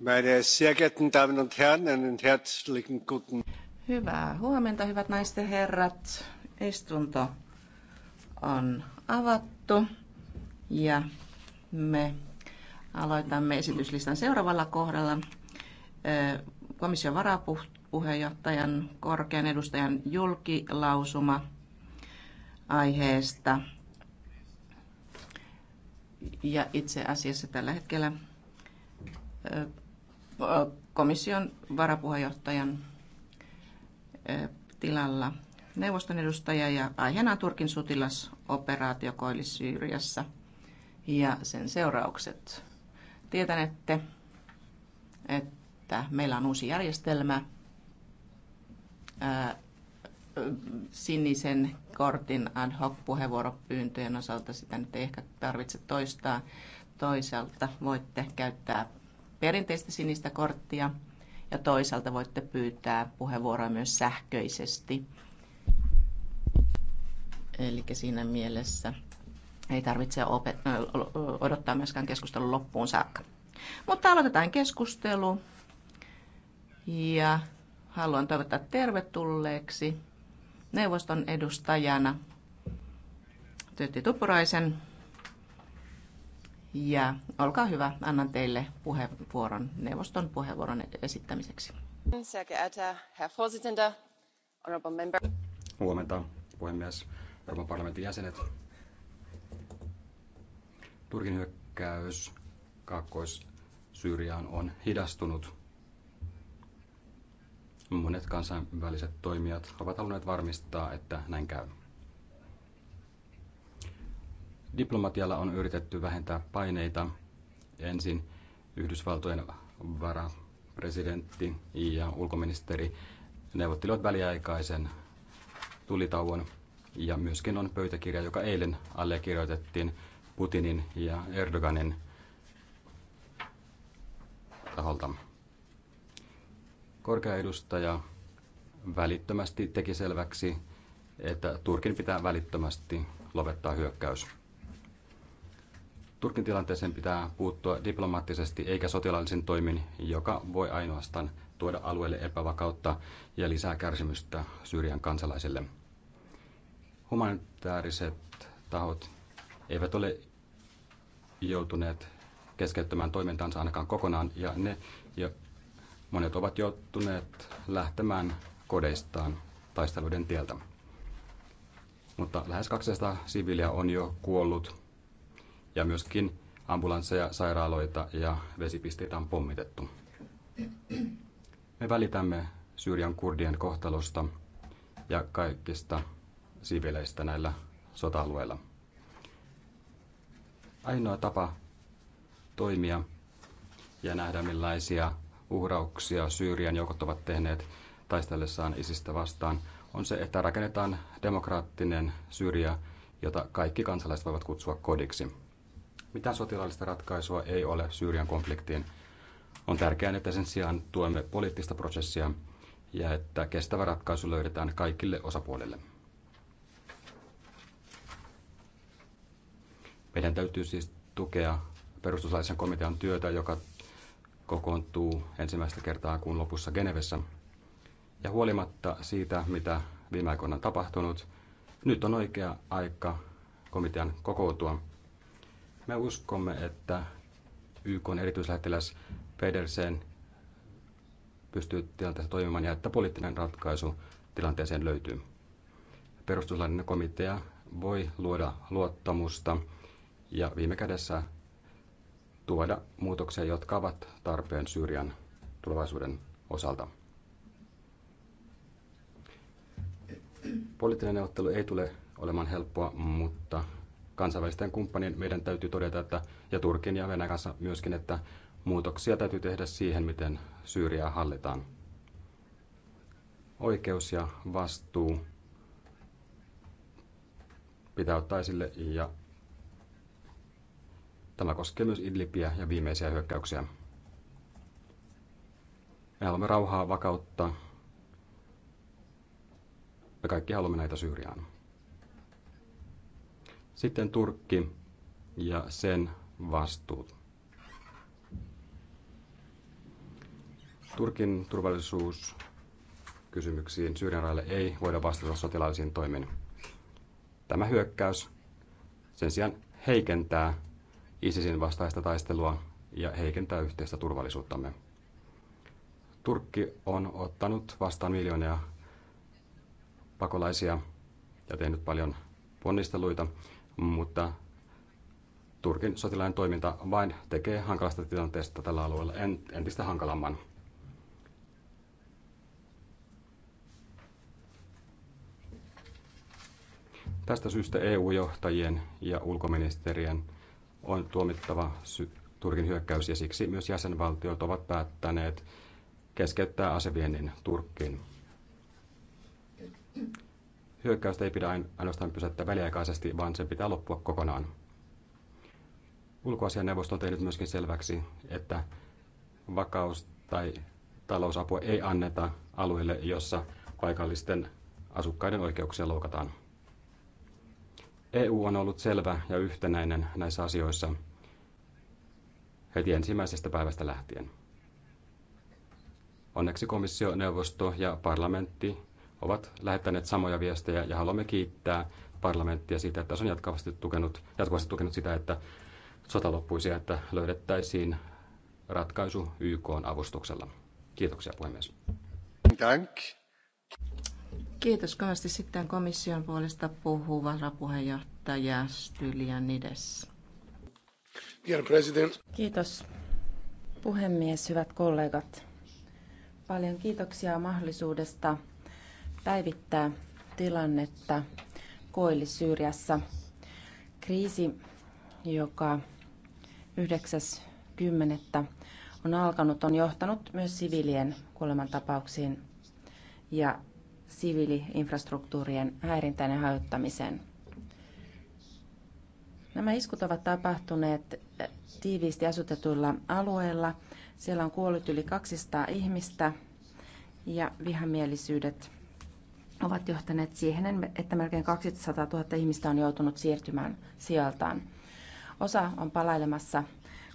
Meine sehr geehrten Damen und Herren, einen herzlichen guten... Hyvää huomenta, hyvät naiset ja herrat. Istunto on avattu ja me aloitamme esityslistan seuraavalla kohdalla. Komission varapuheenjohtajan korkean edustajan julkilausuma aiheesta. Ja itse asiassa tällä hetkellä komission varapuheenjohtajan tilalla neuvoston edustaja ja aiheena on Turkin sotilasoperaatio Koillis-Syyriassa ja sen seuraukset. Tietänette, että meillä on uusi järjestelmä sinisen kortin ad hoc puheenvuoropyyntöjen osalta. Sitä nyt ei ehkä tarvitse toistaa. Toisaalta voitte käyttää perinteistä sinistä korttia ja toisaalta voitte pyytää puheenvuoroa myös sähköisesti. Eli siinä mielessä ei tarvitse odottaa myöskään keskustelun loppuun saakka. Mutta aloitetaan keskustelu ja haluan toivottaa tervetulleeksi neuvoston edustajana Tytti Tuppuraisen ja olkaa hyvä, annan teille puheenvuoron, neuvoston puheenvuoron esittämiseksi. Huomenta, puhemies, Euroopan parlamentin jäsenet. Turkin hyökkäys Kaakkois-Syyriaan on hidastunut. Monet kansainväliset toimijat ovat halunneet varmistaa, että näin käy. Diplomatialla on yritetty vähentää paineita ensin Yhdysvaltojen varapresidentti ja ulkoministeri neuvottelivat väliaikaisen tulitauon ja myöskin on pöytäkirja, joka eilen allekirjoitettiin Putinin ja Erdoganin taholta. Korkea edustaja välittömästi teki selväksi, että Turkin pitää välittömästi lopettaa hyökkäys. Turkin tilanteeseen pitää puuttua diplomaattisesti eikä sotilaallisin toimin, joka voi ainoastaan tuoda alueelle epävakautta ja lisää kärsimystä Syyrian kansalaisille. Humanitaariset tahot eivät ole joutuneet keskeyttämään toimintansa ainakaan kokonaan, ja ne ja monet ovat joutuneet lähtemään kodeistaan taisteluiden tieltä. Mutta lähes 200 siviiliä on jo kuollut ja myöskin ambulansseja, sairaaloita ja vesipisteitä on pommitettu. Me välitämme Syyrian kurdien kohtalosta ja kaikista siveleistä näillä sota-alueilla. Ainoa tapa toimia ja nähdä millaisia uhrauksia Syyrian joukot ovat tehneet taistellessaan isistä vastaan, on se, että rakennetaan demokraattinen Syyria, jota kaikki kansalaiset voivat kutsua kodiksi. Mitään sotilaallista ratkaisua ei ole Syyrian konfliktiin. On tärkeää, että sen sijaan tuemme poliittista prosessia ja että kestävä ratkaisu löydetään kaikille osapuolille. Meidän täytyy siis tukea perustuslaisen komitean työtä, joka kokoontuu ensimmäistä kertaa kuun lopussa Genevessä. Ja huolimatta siitä, mitä viime aikoina on tapahtunut, nyt on oikea aika komitean kokoutua. Me uskomme, että YK on erityislähettiläs Pedersen pystyy tilanteessa toimimaan ja että poliittinen ratkaisu tilanteeseen löytyy. Perustuslainen komitea voi luoda luottamusta ja viime kädessä tuoda muutoksia, jotka ovat tarpeen Syyrian tulevaisuuden osalta. Poliittinen neuvottelu ei tule olemaan helppoa, mutta kansainvälisten kumppanien meidän täytyy todeta, että, ja Turkin ja Venäjän kanssa myöskin, että muutoksia täytyy tehdä siihen, miten Syyriaa hallitaan. Oikeus ja vastuu pitää ottaa esille ja tämä koskee myös Idlibiä ja viimeisiä hyökkäyksiä. Me haluamme rauhaa, vakautta. Me kaikki haluamme näitä Syyriaan. Sitten Turkki ja sen vastuut. Turkin turvallisuuskysymyksiin Syyrian rajalle ei voida vastata sotilaallisiin toimiin. Tämä hyökkäys sen sijaan heikentää ISISin vastaista taistelua ja heikentää yhteistä turvallisuuttamme. Turkki on ottanut vastaan miljoonia pakolaisia ja tehnyt paljon ponnisteluita mutta Turkin sotilaiden toiminta vain tekee hankalasta tilanteesta tällä alueella entistä hankalamman. Tästä syystä EU-johtajien ja ulkoministerien on tuomittava Turkin hyökkäys ja siksi myös jäsenvaltiot ovat päättäneet keskeyttää aseviennin Turkkiin. Hyökkäystä ei pidä ainoastaan pysäyttää väliaikaisesti, vaan sen pitää loppua kokonaan. Ulkoasianneuvosto on tehnyt myöskin selväksi, että vakaus- tai talousapua ei anneta alueille, jossa paikallisten asukkaiden oikeuksia loukataan. EU on ollut selvä ja yhtenäinen näissä asioissa heti ensimmäisestä päivästä lähtien. Onneksi komissio, neuvosto ja parlamentti ovat lähettäneet samoja viestejä ja haluamme kiittää parlamenttia siitä, että se on jatkuvasti tukenut, jatkuvasti tukenut sitä, että sota loppuisi ja että löydettäisiin ratkaisu YK avustuksella. Kiitoksia puhemies. Dank. Kiitos kovasti. Sitten komission puolesta puhuu varapuheenjohtaja Stylianides. Kiitos puhemies, hyvät kollegat. Paljon kiitoksia mahdollisuudesta päivittää tilannetta Koillis-Syyriassa. Kriisi, joka 9.10. on alkanut, on johtanut myös siviilien kuolemantapauksiin ja siviiliinfrastruktuurien häirintään ja hajottamiseen. Nämä iskut ovat tapahtuneet tiiviisti asutetuilla alueilla. Siellä on kuollut yli 200 ihmistä ja vihamielisyydet ovat johtaneet siihen, että melkein 200 000 ihmistä on joutunut siirtymään sieltään. Osa on palailemassa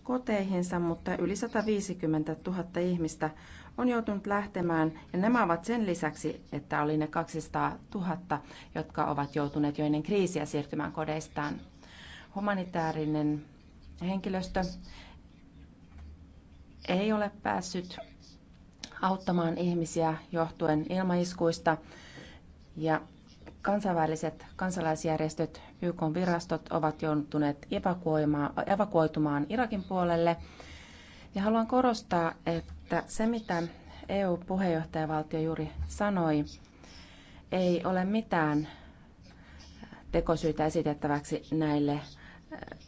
koteihinsa, mutta yli 150 000 ihmistä on joutunut lähtemään, ja nämä ovat sen lisäksi, että oli ne 200 000, jotka ovat joutuneet jo ennen kriisiä siirtymään kodeistaan. Humanitaarinen henkilöstö ei ole päässyt auttamaan ihmisiä johtuen ilmaiskuista ja kansainväliset kansalaisjärjestöt, YK-virastot ovat joutuneet evakuoitumaan Irakin puolelle. Ja haluan korostaa, että se mitä EU-puheenjohtajavaltio juuri sanoi, ei ole mitään tekosyitä esitettäväksi näille äh,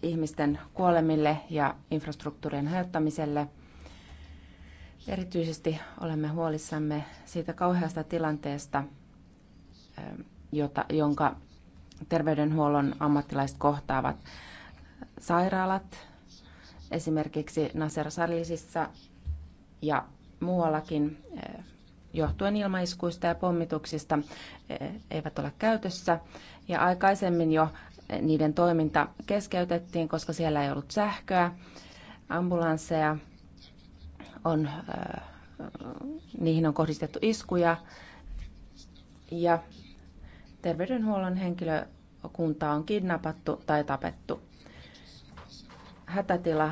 ihmisten kuolemille ja infrastruktuurien hajottamiselle. Erityisesti olemme huolissamme siitä kauheasta tilanteesta, Ähm, jota, jonka terveydenhuollon ammattilaiset kohtaavat. Sairaalat, esimerkiksi Nasser Sarlisissa ja muuallakin äh, johtuen ilmaiskuista ja pommituksista äh, eivät ole käytössä. Ja aikaisemmin jo äh, niiden toiminta keskeytettiin, koska siellä ei ollut sähköä. Ambulansseja on, niihin on kohdistettu iskuja ja terveydenhuollon henkilökunta on kidnappattu tai tapettu. Hätätila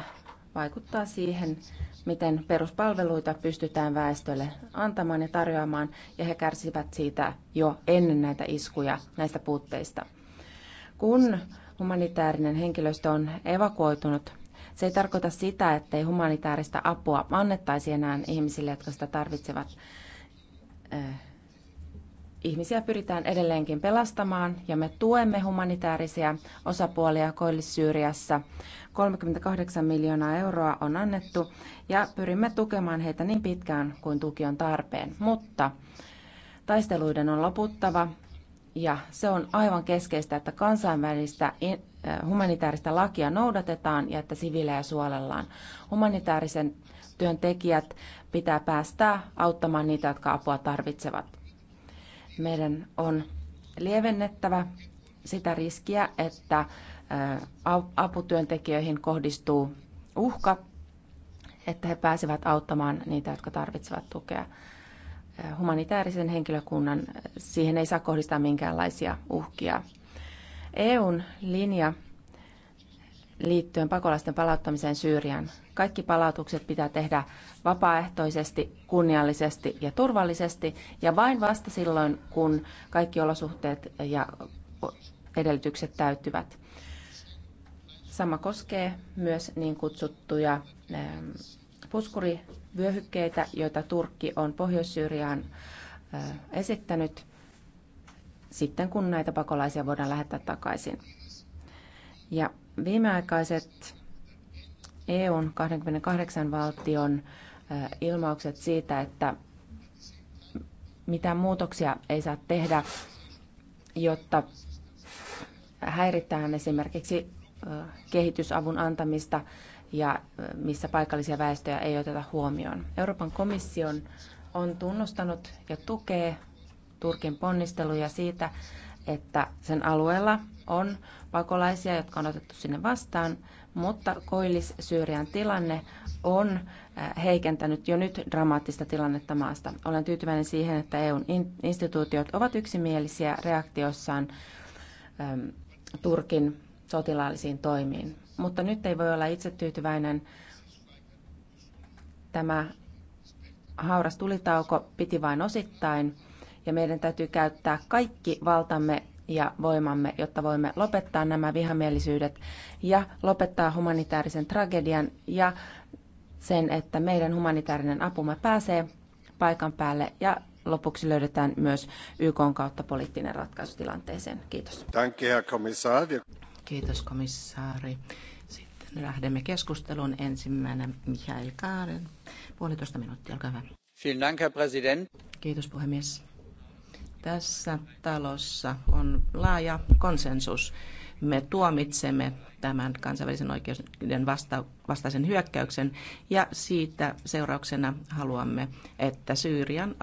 vaikuttaa siihen, miten peruspalveluita pystytään väestölle antamaan ja tarjoamaan, ja he kärsivät siitä jo ennen näitä iskuja, näistä puutteista. Kun humanitaarinen henkilöstö on evakuoitunut, se ei tarkoita sitä, ettei humanitaarista apua annettaisi enää ihmisille, jotka sitä tarvitsevat äh, ihmisiä pyritään edelleenkin pelastamaan ja me tuemme humanitaarisia osapuolia Koillis-Syyriassa. 38 miljoonaa euroa on annettu ja pyrimme tukemaan heitä niin pitkään kuin tuki on tarpeen. Mutta taisteluiden on loputtava ja se on aivan keskeistä, että kansainvälistä eh, humanitaarista lakia noudatetaan ja että siviilejä suojellaan. Humanitaarisen työntekijät pitää päästää auttamaan niitä, jotka apua tarvitsevat meidän on lievennettävä sitä riskiä, että aputyöntekijöihin kohdistuu uhka, että he pääsevät auttamaan niitä, jotka tarvitsevat tukea. Humanitaarisen henkilökunnan, siihen ei saa kohdistaa minkäänlaisia uhkia. EUn linja liittyen pakolaisten palauttamiseen Syyrian kaikki palautukset pitää tehdä vapaaehtoisesti, kunniallisesti ja turvallisesti ja vain vasta silloin, kun kaikki olosuhteet ja edellytykset täyttyvät. Sama koskee myös niin kutsuttuja ähm, puskurivyöhykkeitä, joita Turkki on Pohjois-Syyriaan äh, esittänyt sitten, kun näitä pakolaisia voidaan lähettää takaisin. Ja viimeaikaiset EUn 28 valtion ilmaukset siitä, että mitään muutoksia ei saa tehdä, jotta häiritään esimerkiksi kehitysavun antamista ja missä paikallisia väestöjä ei oteta huomioon. Euroopan komission on tunnustanut ja tukee Turkin ponnisteluja siitä, että sen alueella on pakolaisia, jotka on otettu sinne vastaan, mutta Koillis-Syyrian tilanne on äh, heikentänyt jo nyt dramaattista tilannetta maasta. Olen tyytyväinen siihen, että EUn instituutiot ovat yksimielisiä reaktiossaan ähm, Turkin sotilaallisiin toimiin. Mutta nyt ei voi olla itse tyytyväinen. Tämä hauras tulitauko piti vain osittain ja meidän täytyy käyttää kaikki valtamme ja voimamme, jotta voimme lopettaa nämä vihamielisyydet ja lopettaa humanitaarisen tragedian ja sen, että meidän humanitaarinen apumme pääsee paikan päälle ja lopuksi löydetään myös YK kautta poliittinen ratkaisu tilanteeseen. Kiitos. Kiitos komissaari. Sitten lähdemme keskusteluun. Ensimmäinen Mihail Kaaren. Puolitoista minuuttia, olkaa hyvä. Kiitos puhemies. Tässä talossa on laaja konsensus. Me tuomitsemme tämän kansainvälisen oikeuden vasta- vastaisen hyökkäyksen ja siitä seurauksena haluamme, että Syyrian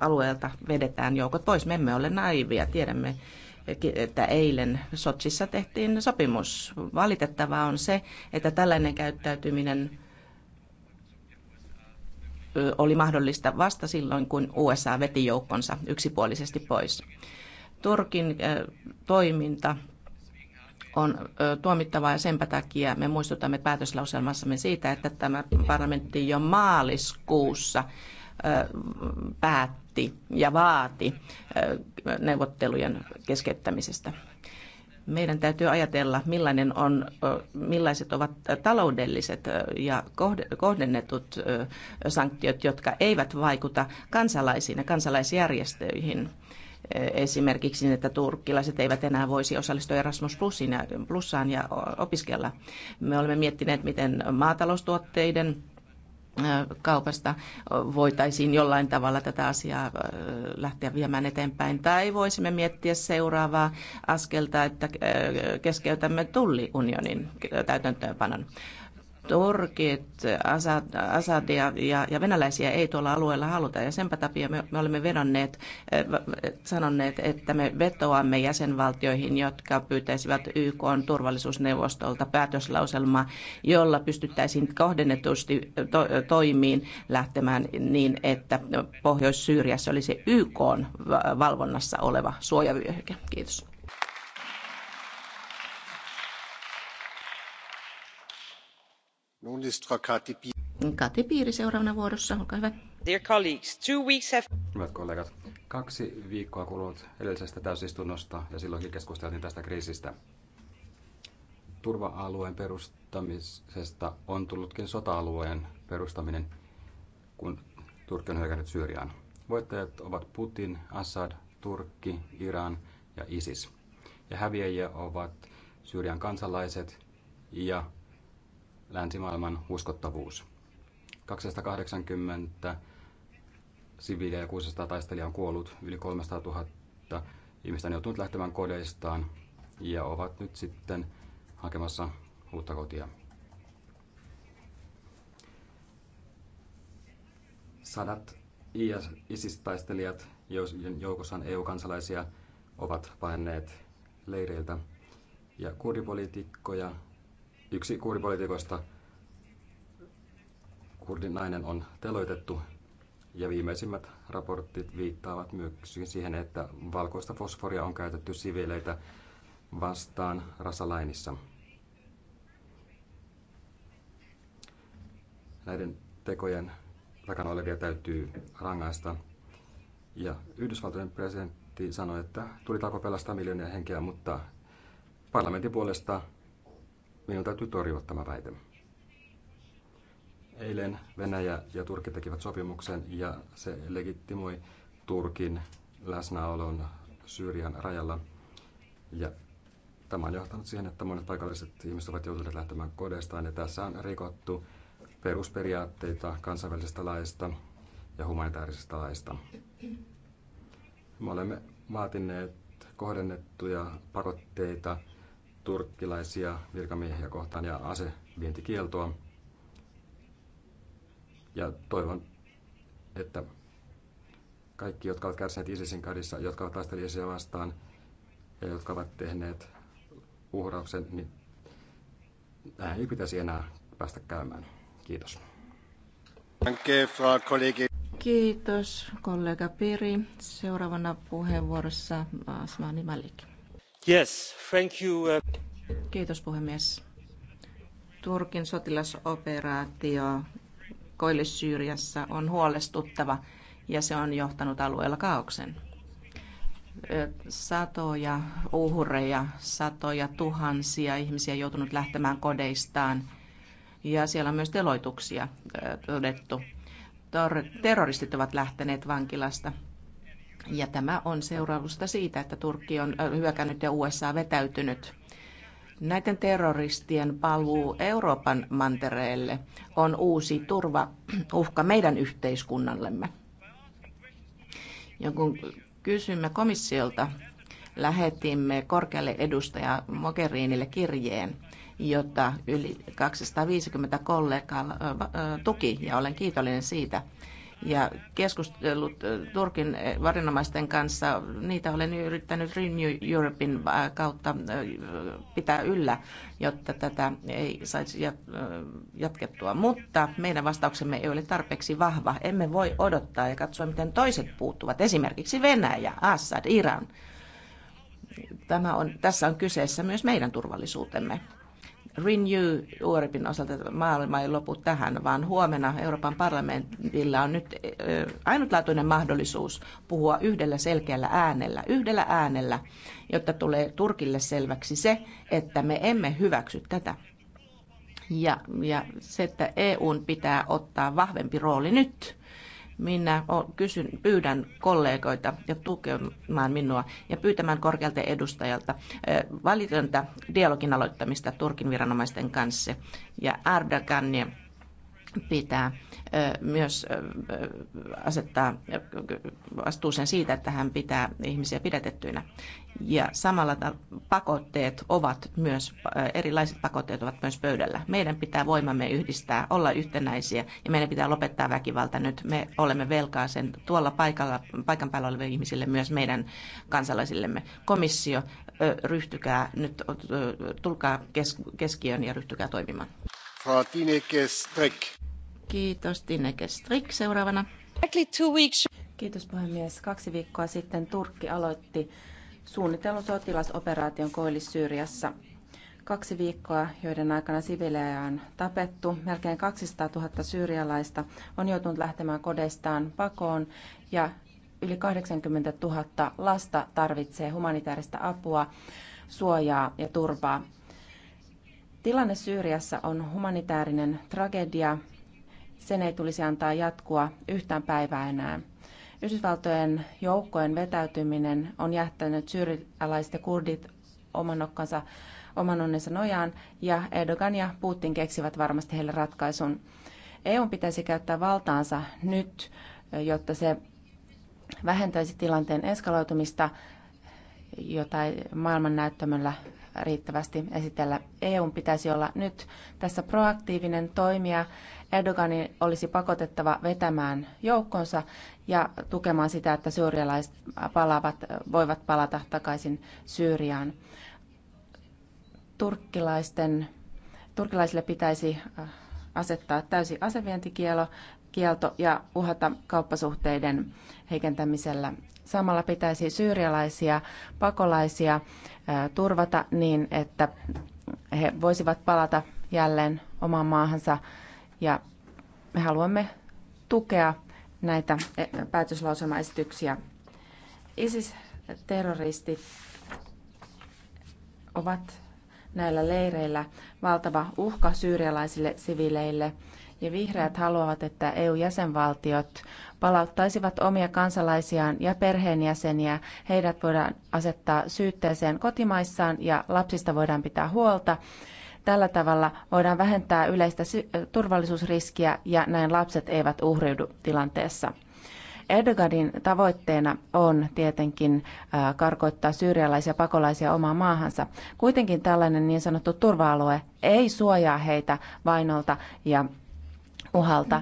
alueelta vedetään joukot pois. Me emme ole naivia, tiedämme, että eilen Sotsissa tehtiin sopimus. Valitettavaa on se, että tällainen käyttäytyminen oli mahdollista vasta silloin, kun USA veti joukkonsa yksipuolisesti pois. Turkin toiminta on tuomittavaa ja senpä takia me muistutamme päätöslauselmassamme siitä, että tämä parlamentti jo maaliskuussa päätti ja vaati neuvottelujen keskeyttämisestä meidän täytyy ajatella, millainen on, millaiset ovat taloudelliset ja kohdennetut sanktiot, jotka eivät vaikuta kansalaisiin ja kansalaisjärjestöihin. Esimerkiksi, niin, että turkkilaiset eivät enää voisi osallistua Erasmus Plussaan ja opiskella. Me olemme miettineet, miten maataloustuotteiden kaupasta voitaisiin jollain tavalla tätä asiaa lähteä viemään eteenpäin. Tai voisimme miettiä seuraavaa askelta, että keskeytämme tulliunionin täytäntöönpanon. Turkit, asat ja, ja, ja venäläisiä ei tuolla alueella haluta. Ja senpä takia me, me olemme vedonneet, eh, sanoneet, että me vetoamme jäsenvaltioihin, jotka pyytäisivät YK turvallisuusneuvostolta päätöslauselmaa, jolla pystyttäisiin kohdennetusti eh, to, eh, toimiin lähtemään niin, että Pohjois-Syyriassa olisi YK valvonnassa oleva suojavyöhyke. Kiitos. Hyvät kollegat, kaksi viikkoa kulunut edellisestä täysistunnosta ja silloinkin keskusteltiin tästä kriisistä. Turva-alueen perustamisesta on tullutkin sota-alueen perustaminen, kun Turkki on hyökännyt Syyriaan. Voittajat ovat Putin, Assad, Turkki, Iran ja ISIS. Ja häviäjiä ovat Syyrian kansalaiset ja länsimaailman uskottavuus. 280 siviiliä ja 600 taistelijaa on kuollut, yli 300 000 ihmistä on joutunut lähtemään kodeistaan ja ovat nyt sitten hakemassa uutta kotia. Sadat ISIS-taistelijat, joukossa on EU-kansalaisia, ovat paenneet leireiltä. Ja kurdipoliitikkoja Yksi kurdipolitiikoista kurdin nainen on teloitettu ja viimeisimmät raportit viittaavat myös siihen, että valkoista fosforia on käytetty siviileitä vastaan Rasalainissa. Näiden tekojen takana olevia täytyy rangaista. Ja Yhdysvaltojen presidentti sanoi, että tuli tako pelastaa miljoonia henkeä, mutta parlamentin puolesta meidän täytyy torjua tämä väite. Eilen Venäjä ja Turkki tekivät sopimuksen ja se legittimoi Turkin läsnäolon Syyrian rajalla. Ja tämä on johtanut siihen, että monet paikalliset ihmiset ovat joutuneet lähtemään kodeistaan ja tässä on rikottu perusperiaatteita kansainvälisestä laista ja humanitaarisesta laista. Me olemme vaatineet kohdennettuja pakotteita turkkilaisia virkamiehiä kohtaan ja asevientikieltoa. Ja toivon, että kaikki, jotka ovat kärsineet ISISin kadissa, jotka ovat taistelleet ISISiä vastaan ja jotka ovat tehneet uhrauksen, niin näin ei pitäisi enää päästä käymään. Kiitos. Kiitos kollega Piri. Seuraavana puheenvuorossa Asmani Malik. Uh, Kiitos puhemies. Turkin sotilasoperaatio Koillis-Syyriassa on huolestuttava ja se on johtanut alueella kaauksen. Satoja uhreja, satoja tuhansia ihmisiä joutunut lähtemään kodeistaan ja siellä on myös teloituksia todettu. Terroristit ovat lähteneet vankilasta ja tämä on seurausta siitä, että Turkki on hyökännyt ja USA vetäytynyt. Näiden terroristien paluu Euroopan mantereelle on uusi turva uhka meidän yhteiskunnallemme. Ja kun kysymme komissiolta, lähetimme korkealle edustaja Mogherinille kirjeen, jota yli 250 kollegaa tuki, ja olen kiitollinen siitä ja keskustellut Turkin varinomaisten kanssa. Niitä olen yrittänyt Renew Europein äh, kautta pitää yllä, jotta tätä ei saisi jatkettua. Mutta meidän vastauksemme ei ole tarpeeksi vahva. Emme voi odottaa ja katsoa, miten toiset puuttuvat. Esimerkiksi Venäjä, Assad, Iran. Tämä on, tässä on kyseessä myös meidän turvallisuutemme. Renew Europein osalta maailma ei lopu tähän, vaan huomenna Euroopan parlamentilla on nyt ainutlaatuinen mahdollisuus puhua yhdellä selkeällä äänellä, yhdellä äänellä, jotta tulee Turkille selväksi se, että me emme hyväksy tätä. Ja, ja se, että EUn pitää ottaa vahvempi rooli nyt minä kysyn, pyydän kollegoita ja tukemaan minua ja pyytämään korkealta edustajalta valitonta dialogin aloittamista Turkin viranomaisten kanssa ja Erdogania pitää myös asettaa vastuuseen siitä, että hän pitää ihmisiä pidätettyinä. Ja samalla pakotteet ovat myös, erilaiset pakotteet ovat myös pöydällä. Meidän pitää voimamme yhdistää, olla yhtenäisiä ja meidän pitää lopettaa väkivalta nyt. Me olemme velkaa sen tuolla paikalla, paikan päällä oleville ihmisille, myös meidän kansalaisillemme. Komissio, ryhtykää nyt, tulkaa keskiöön ja ryhtykää toimimaan. Frau Tineke Strick. Kiitos Tineke Strick. Seuraavana. Kiitos puhemies. Kaksi viikkoa sitten Turkki aloitti suunnitellun sotilasoperaation Koillis-Syyriassa. Kaksi viikkoa, joiden aikana siviilejä on tapettu. Melkein 200 000 syyrialaista on joutunut lähtemään kodeistaan pakoon ja yli 80 000 lasta tarvitsee humanitaarista apua, suojaa ja turvaa. Tilanne Syyriassa on humanitaarinen tragedia. Sen ei tulisi antaa jatkua yhtään päivää enää. Yhdysvaltojen joukkojen vetäytyminen on jättänyt syyrialaiset ja kurdit oman, okkansa, oman onnensa nojaan, ja Erdogan ja Putin keksivät varmasti heille ratkaisun. EU pitäisi käyttää valtaansa nyt, jotta se vähentäisi tilanteen eskaloitumista, jota maailman näyttämöllä riittävästi esitellä. EUn pitäisi olla nyt tässä proaktiivinen toimija. Erdoganin olisi pakotettava vetämään joukkonsa ja tukemaan sitä, että syyrialaiset palaavat, voivat palata takaisin Syyriaan. Turkkilaisten, turkilaisille pitäisi äh, asettaa täysi asevientikielto kielto ja uhata kauppasuhteiden heikentämisellä samalla pitäisi syyrialaisia pakolaisia turvata niin, että he voisivat palata jälleen omaan maahansa. Ja me haluamme tukea näitä päätöslauselmaesityksiä. ISIS-terroristit ovat näillä leireillä valtava uhka syyrialaisille siviileille ja vihreät haluavat, että EU-jäsenvaltiot palauttaisivat omia kansalaisiaan ja perheenjäseniä. Heidät voidaan asettaa syytteeseen kotimaissaan ja lapsista voidaan pitää huolta. Tällä tavalla voidaan vähentää yleistä turvallisuusriskiä ja näin lapset eivät uhriudu tilanteessa. Erdoganin tavoitteena on tietenkin karkoittaa syyrialaisia pakolaisia omaan maahansa. Kuitenkin tällainen niin sanottu turva-alue ei suojaa heitä vainolta ja uhalta.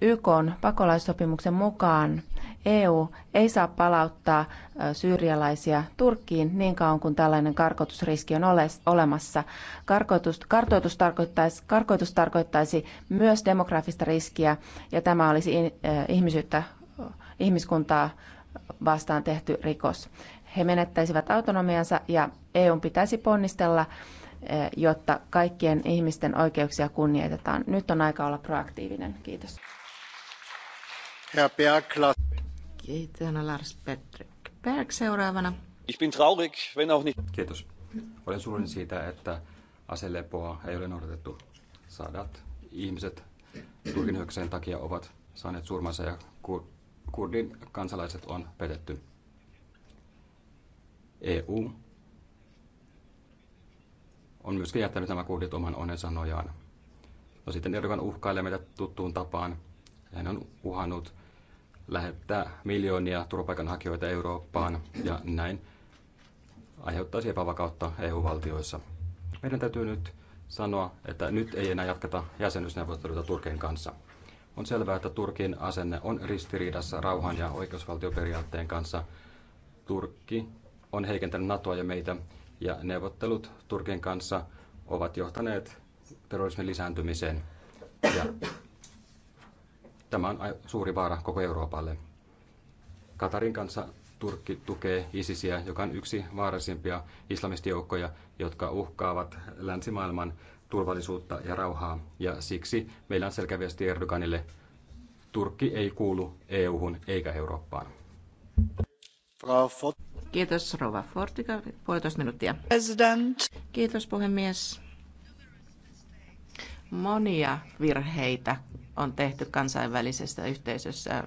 YK on pakolaissopimuksen mukaan EU ei saa palauttaa syyrialaisia Turkkiin niin kauan kuin tällainen karkotusriski on olemassa. Karkoitus, tarkoittaisi, karkoitus tarkoittaisi myös demografista riskiä ja tämä olisi ihmisyyttä, ihmiskuntaa vastaan tehty rikos. He menettäisivät autonomiansa ja EU pitäisi ponnistella Eh, jotta kaikkien ihmisten oikeuksia kunnioitetaan. Nyt on aika olla proaktiivinen. Kiitos. Kiitän Berg seuraavana. Ich bin traurig, wenn auch nicht. Kiitos. Olen surullinen siitä, että aselepoa ei ole noudatettu. Sadat ihmiset Turkin hyökkäyksen takia ovat saaneet surmansa ja kurdin kansalaiset on petetty. EU on myöskin jättänyt nämä kurdit oman onen sanojaan. No sitten Erdogan uhkailee meitä tuttuun tapaan. Hän on uhannut lähettää miljoonia turvapaikanhakijoita Eurooppaan ja näin aiheuttaisi epävakautta EU-valtioissa. Meidän täytyy nyt sanoa, että nyt ei enää jatketa jäsenyysneuvotteluita Turkin kanssa. On selvää, että Turkin asenne on ristiriidassa rauhan ja oikeusvaltioperiaatteen kanssa. Turkki on heikentänyt NATOa ja meitä, ja neuvottelut Turkin kanssa ovat johtaneet terrorismin lisääntymiseen. Ja tämä on suuri vaara koko Euroopalle. Katarin kanssa Turkki tukee ISISiä, joka on yksi vaarallisimpia islamistijoukkoja, jotka uhkaavat länsimaailman turvallisuutta ja rauhaa. Ja siksi meillä on selkeä viesti Erdoganille, Turkki ei kuulu EU-hun eikä Eurooppaan. Kiitos Rova Fortika, puolitoista minuuttia. President. Kiitos puhemies. Monia virheitä on tehty kansainvälisessä yhteisössä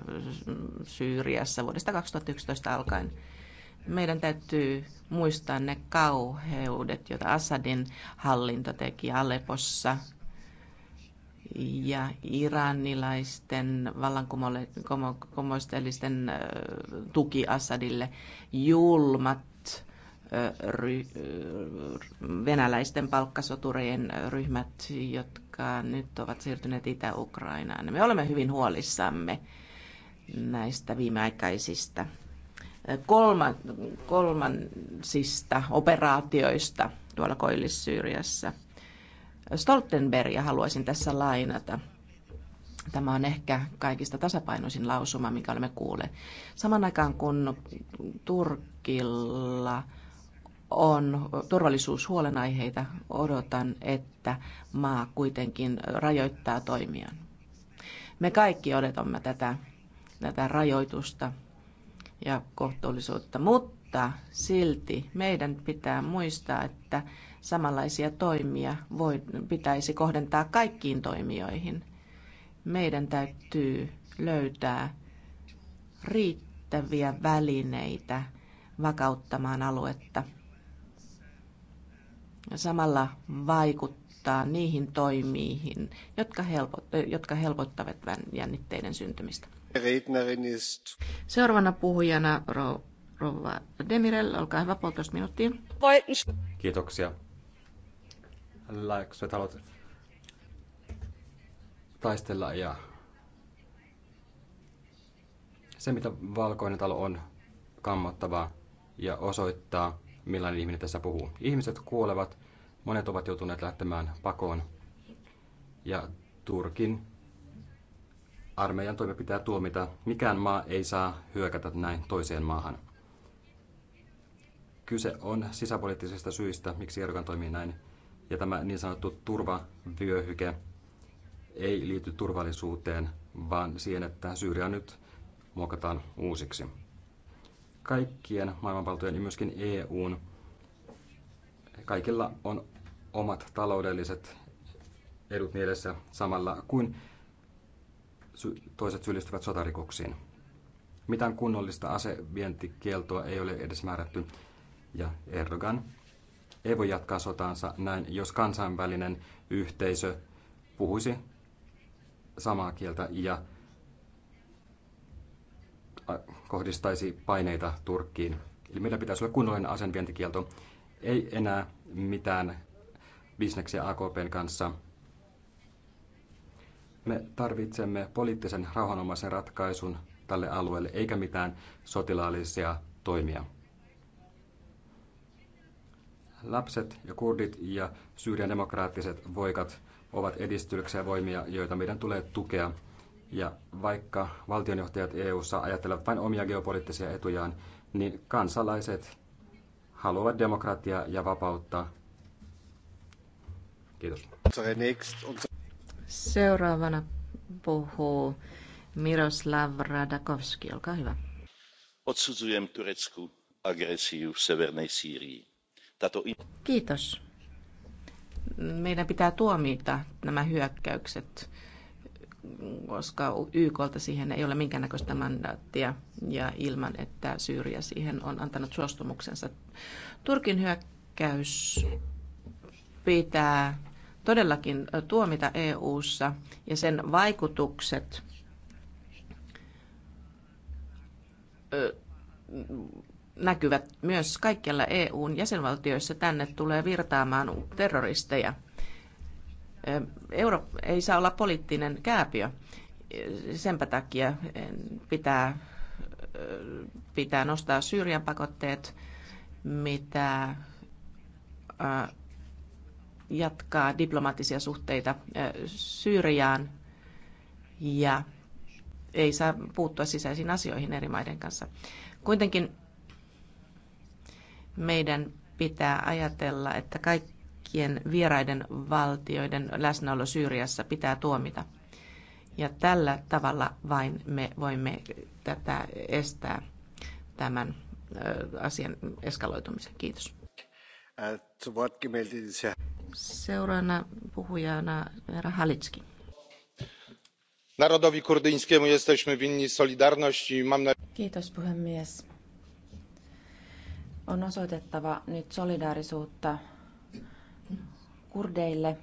Syyriassa vuodesta 2011 alkaen. Meidän täytyy muistaa ne kauheudet, joita Assadin hallinto teki Alepossa, ja iranilaisten vallankumoistellisten tuki Assadille julmat ry, venäläisten palkkasoturien ryhmät, jotka nyt ovat siirtyneet Itä-Ukrainaan. Me olemme hyvin huolissamme näistä viimeaikaisista kolman, kolmansista operaatioista tuolla Koillis-Syyriassa – Stoltenbergia haluaisin tässä lainata. Tämä on ehkä kaikista tasapainoisin lausuma, mikä olemme kuulleet. Saman aikaan kun Turkilla on turvallisuushuolenaiheita, odotan, että maa kuitenkin rajoittaa toimiaan. Me kaikki odotamme tätä, tätä rajoitusta ja kohtuullisuutta, mutta silti meidän pitää muistaa, että Samanlaisia toimia voi, pitäisi kohdentaa kaikkiin toimijoihin. Meidän täytyy löytää riittäviä välineitä vakauttamaan aluetta. Samalla vaikuttaa niihin toimiin, jotka, helpot, jotka helpottavat jännitteiden syntymistä. Seuraavana puhujana Rouva Demirel, olkaa hyvä, puolitoista minuuttia. Kiitoksia sä haluat taistella ja se, mitä valkoinen talo on, kammottavaa ja osoittaa, millainen ihminen tässä puhuu. Ihmiset kuolevat, monet ovat joutuneet lähtemään pakoon ja Turkin armeijan toimi pitää tuomita. Mikään maa ei saa hyökätä näin toiseen maahan. Kyse on sisäpoliittisista syistä, miksi Erdogan toimii näin. Ja tämä niin sanottu turvavyöhyke ei liity turvallisuuteen, vaan siihen, että Syyria nyt muokataan uusiksi. Kaikkien maailmanvaltojen ja myöskin EUn, kaikilla on omat taloudelliset edut mielessä samalla kuin toiset syyllistyvät sotarikoksiin. Mitään kunnollista asevientikieltoa ei ole edes määrätty ja Erdogan ei voi jatkaa sotaansa näin, jos kansainvälinen yhteisö puhuisi samaa kieltä ja äh, kohdistaisi paineita Turkkiin. Eli meillä pitäisi olla kunnollinen asenvientikielto. Ei enää mitään bisneksiä AKPn kanssa. Me tarvitsemme poliittisen rauhanomaisen ratkaisun tälle alueelle, eikä mitään sotilaallisia toimia. Lapset ja kurdit ja Syyrian demokraattiset voikat ovat edistykseen voimia, joita meidän tulee tukea. Ja vaikka valtionjohtajat EU:ssa ajattelevat vain omia geopoliittisia etujaan, niin kansalaiset haluavat demokratiaa ja vapautta. Kiitos. Seuraavana puhuu Miroslav Radakovski, olkaa hyvä. Odsudzujem tureckú agresiu v severnej Kiitos. Meidän pitää tuomita nämä hyökkäykset, koska YKlta siihen ei ole minkäännäköistä mandaattia ja ilman, että Syyria siihen on antanut suostumuksensa. Turkin hyökkäys pitää todellakin tuomita EU:ssa ja sen vaikutukset näkyvät myös kaikkialla EUn jäsenvaltioissa. Tänne tulee virtaamaan terroristeja. Euro ei saa olla poliittinen kääpiö. Senpä takia pitää, pitää nostaa Syyrian pakotteet, mitä jatkaa diplomaattisia suhteita Syyriaan ja ei saa puuttua sisäisiin asioihin eri maiden kanssa. Kuitenkin meidän pitää ajatella, että kaikkien vieraiden valtioiden läsnäolo Syyriassa pitää tuomita. Ja tällä tavalla vain me voimme tätä estää tämän asian eskaloitumisen. Kiitos. Seuraavana puhujana herra Halitski. Narodowi kurdyjskiemu jesteśmy winni solidarność i mam na... Kiitos puhemies. On osoitettava nyt solidaarisuutta kurdeille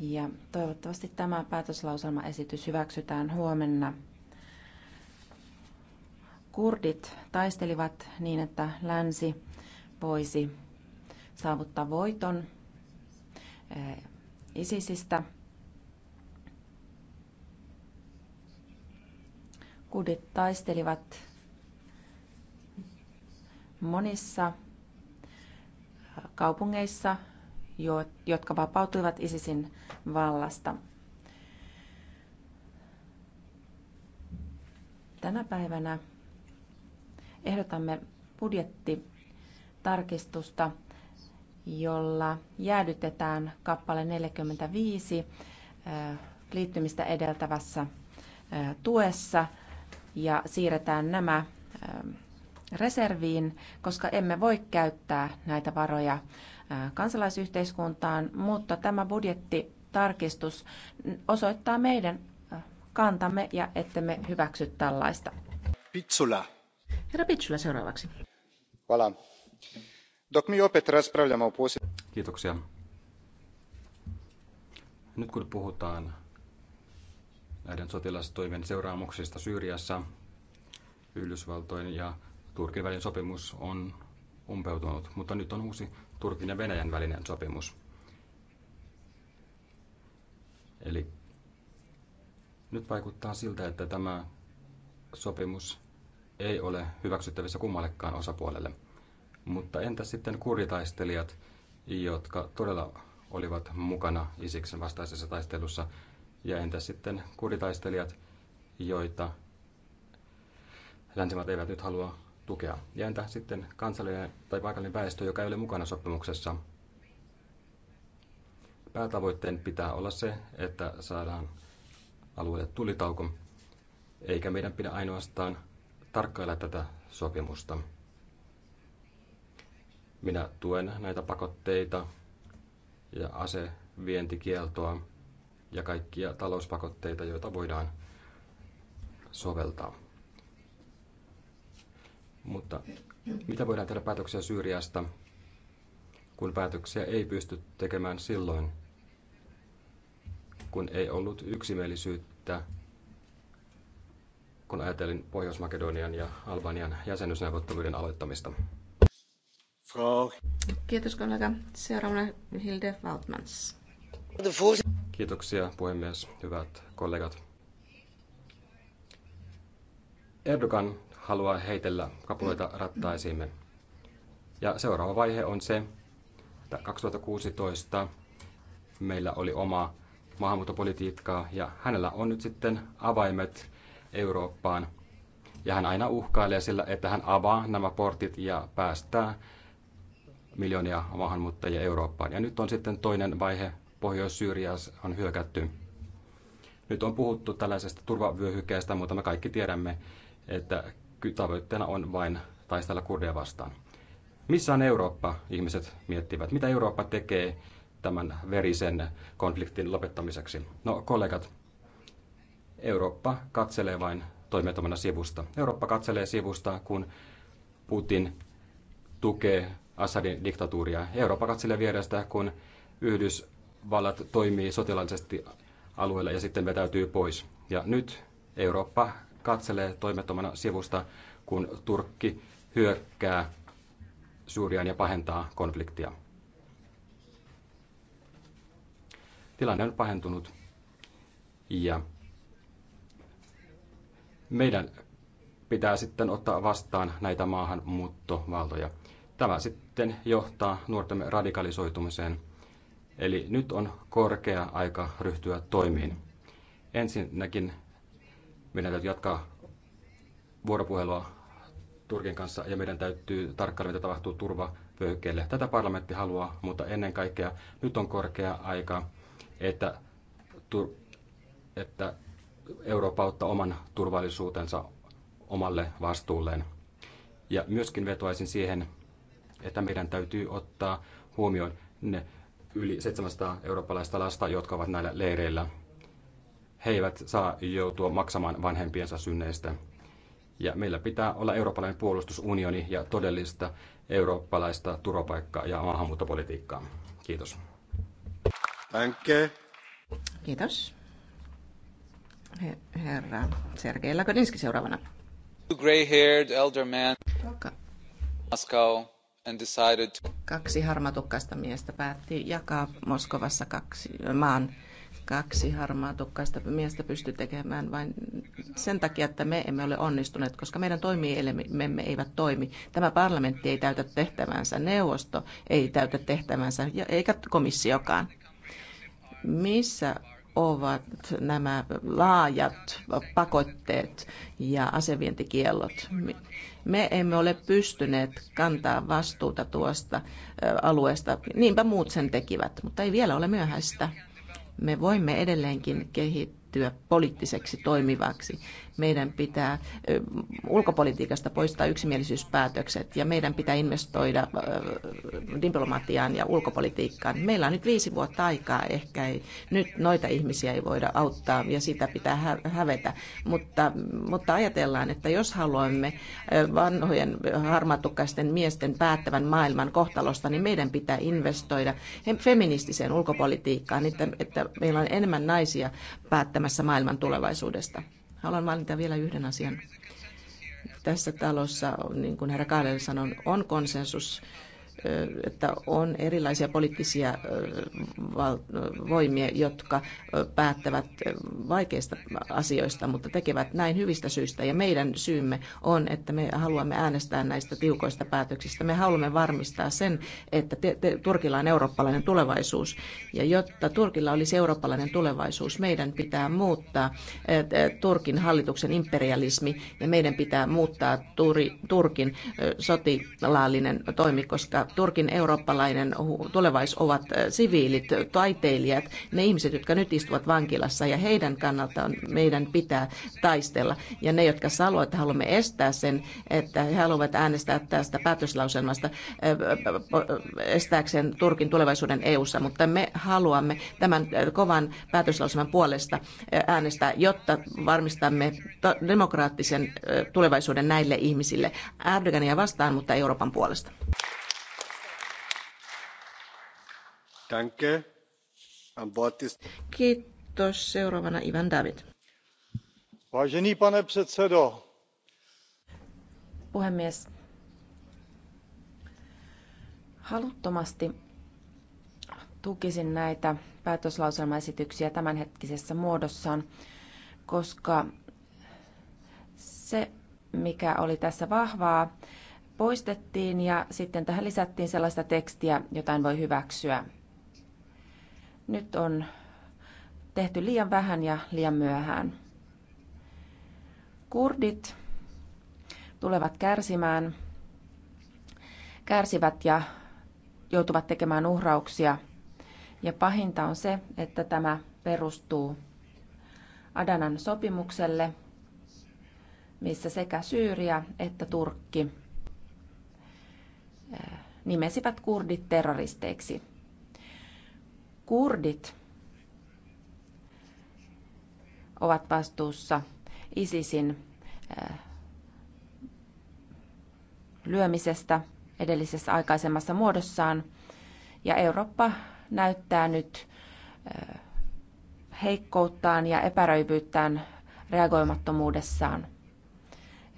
ja toivottavasti tämä päätöslauselmaesitys hyväksytään huomenna. Kurdit taistelivat niin, että länsi voisi saavuttaa voiton eh, ISISistä. Kurdit taistelivat Monissa äh, kaupungeissa, jotka vapautuivat ISISin vallasta. Tänä päivänä ehdotamme budjettitarkistusta, jolla jäädytetään kappale 45 äh, liittymistä edeltävässä äh, tuessa ja siirretään nämä ähm, reserviin, koska emme voi käyttää näitä varoja kansalaisyhteiskuntaan, mutta tämä budjettitarkistus osoittaa meidän kantamme ja ettemme hyväksy tällaista. Pitsula. Herra Pitsula seuraavaksi. Voilà. Donc mi opet raspravljamo Kiitoksia. Nyt kun puhutaan näiden sotilastoimen seuraamuksista Syyriassa, Yhdysvaltojen ja Turkin välinen sopimus on umpeutunut, mutta nyt on uusi Turkin ja Venäjän välinen sopimus. Eli nyt vaikuttaa siltä, että tämä sopimus ei ole hyväksyttävissä kummallekaan osapuolelle. Mutta entä sitten kuritaistelijat, jotka todella olivat mukana Isiksen vastaisessa taistelussa? Ja entä sitten kuritaistelijat, joita länsimaat eivät nyt halua tukea. Ja entä sitten kansallinen tai paikallinen väestö, joka ei ole mukana sopimuksessa? Päätavoitteen pitää olla se, että saadaan alueelle tulitauko, eikä meidän pidä ainoastaan tarkkailla tätä sopimusta. Minä tuen näitä pakotteita ja asevientikieltoa ja kaikkia talouspakotteita, joita voidaan soveltaa. Mutta mitä voidaan tehdä päätöksiä Syyriasta, kun päätöksiä ei pysty tekemään silloin, kun ei ollut yksimielisyyttä, kun ajatelin Pohjois-Makedonian ja Albanian jäsenyysneuvotteluiden aloittamista. Kiitos kollega. Seuraavana Hilde Waltmans. Kiitoksia puhemies, hyvät kollegat. Erdogan halua heitellä kapuloita rattaisiimme. Ja seuraava vaihe on se, että 2016 meillä oli oma maahanmuuttopolitiikkaa ja hänellä on nyt sitten avaimet Eurooppaan. Ja hän aina uhkailee sillä, että hän avaa nämä portit ja päästää miljoonia maahanmuuttajia Eurooppaan. Ja nyt on sitten toinen vaihe. Pohjois-Syyriassa on hyökätty. Nyt on puhuttu tällaisesta turvavyöhykkeestä, mutta me kaikki tiedämme, että tavoitteena on vain taistella kurdeja vastaan. Missä on Eurooppa, ihmiset miettivät. Mitä Eurooppa tekee tämän verisen konfliktin lopettamiseksi? No kollegat, Eurooppa katselee vain toimettomana sivusta. Eurooppa katselee sivusta, kun Putin tukee Assadin diktatuuria. Eurooppa katselee vierestä, kun Yhdysvallat toimii sotilaallisesti alueella ja sitten vetäytyy pois. Ja nyt Eurooppa katselee toimettomana sivusta, kun Turkki hyökkää Syyrian ja pahentaa konfliktia. Tilanne on pahentunut ja meidän pitää sitten ottaa vastaan näitä maahanmuuttovaltoja. Tämä sitten johtaa nuortemme radikalisoitumiseen. Eli nyt on korkea aika ryhtyä toimiin. Ensinnäkin meidän täytyy jatkaa vuoropuhelua Turkin kanssa ja meidän täytyy tarkkailla, mitä tapahtuu turvavyöhykkeelle. Tätä parlamentti haluaa, mutta ennen kaikkea nyt on korkea aika, että, tur- että Eurooppa ottaa oman turvallisuutensa omalle vastuulleen. Ja myöskin vetoaisin siihen, että meidän täytyy ottaa huomioon ne yli 700 eurooppalaista lasta, jotka ovat näillä leireillä he eivät saa joutua maksamaan vanhempiensa synneistä. Ja meillä pitää olla eurooppalainen puolustusunioni ja todellista eurooppalaista turvapaikka- ja maahanmuuttopolitiikkaa. Kiitos. Danke. Kiitos. Herra Sergei Lagodinski seuraavana. Gray-haired elder man Moscow and decided Kaksi harmatukkaista miestä päätti jakaa Moskovassa kaksi maan kaksi harmaatukkaista miestä pysty tekemään vain sen takia, että me emme ole onnistuneet, koska meidän toimielimemme eivät toimi. Tämä parlamentti ei täytä tehtävänsä, neuvosto ei täytä tehtävänsä, eikä komissiokaan. Missä ovat nämä laajat pakotteet ja asevientikiellot. Me emme ole pystyneet kantaa vastuuta tuosta alueesta, niinpä muut sen tekivät, mutta ei vielä ole myöhäistä me voimme edelleenkin kehittyä poliittiseksi toimivaksi. Meidän pitää ulkopolitiikasta poistaa yksimielisyyspäätökset ja meidän pitää investoida diplomatiaan ja ulkopolitiikkaan. Meillä on nyt viisi vuotta aikaa, ehkä ei. Nyt noita ihmisiä ei voida auttaa ja sitä pitää hävetä. Mutta, mutta ajatellaan, että jos haluamme vanhojen harmatukkaisten miesten päättävän maailman kohtalosta, niin meidän pitää investoida feministiseen ulkopolitiikkaan, että, että meillä on enemmän naisia päättämässä maailman tulevaisuudesta. Haluan mainita vielä yhden asian. Tässä talossa, niin kuin herra Kaalel sanoi, on konsensus että on erilaisia poliittisia voimia, jotka päättävät vaikeista asioista, mutta tekevät näin hyvistä syistä. Ja meidän syymme on, että me haluamme äänestää näistä tiukoista päätöksistä. Me haluamme varmistaa sen, että Turkilla on eurooppalainen tulevaisuus. Ja jotta Turkilla olisi eurooppalainen tulevaisuus, meidän pitää muuttaa Turkin hallituksen imperialismi ja meidän pitää muuttaa Turkin sotilaallinen toimi, koska Turkin eurooppalainen tulevais ovat äh, siviilit, taiteilijat, ne ihmiset, jotka nyt istuvat vankilassa ja heidän kannaltaan meidän pitää taistella. Ja ne, jotka sanovat, että haluamme estää sen, että he haluavat äänestää tästä päätöslauselmasta äh, äh, estääkseen Turkin tulevaisuuden EU-ssa, mutta me haluamme tämän kovan päätöslauselman puolesta äänestää, jotta varmistamme demokraattisen tulevaisuuden näille ihmisille. Erdogania vastaan, mutta Euroopan puolesta. Danke. An ist... Kiitos. Seuraavana Ivan David. Vážený pane předsedo. Puhemies. Haluttomasti tukisin näitä päätöslauselmaesityksiä tämänhetkisessä muodossaan, koska se, mikä oli tässä vahvaa, poistettiin ja sitten tähän lisättiin sellaista tekstiä, jota en voi hyväksyä. Nyt on tehty liian vähän ja liian myöhään. Kurdit tulevat kärsimään, kärsivät ja joutuvat tekemään uhrauksia. Ja pahinta on se, että tämä perustuu Adanan sopimukselle, missä sekä Syyria että Turkki eh, nimesivät kurdit terroristeiksi. Kurdit ovat vastuussa ISISin äh, lyömisestä edellisessä aikaisemmassa muodossaan. Ja Eurooppa näyttää nyt äh, heikkouttaan ja epäröivyyttään reagoimattomuudessaan.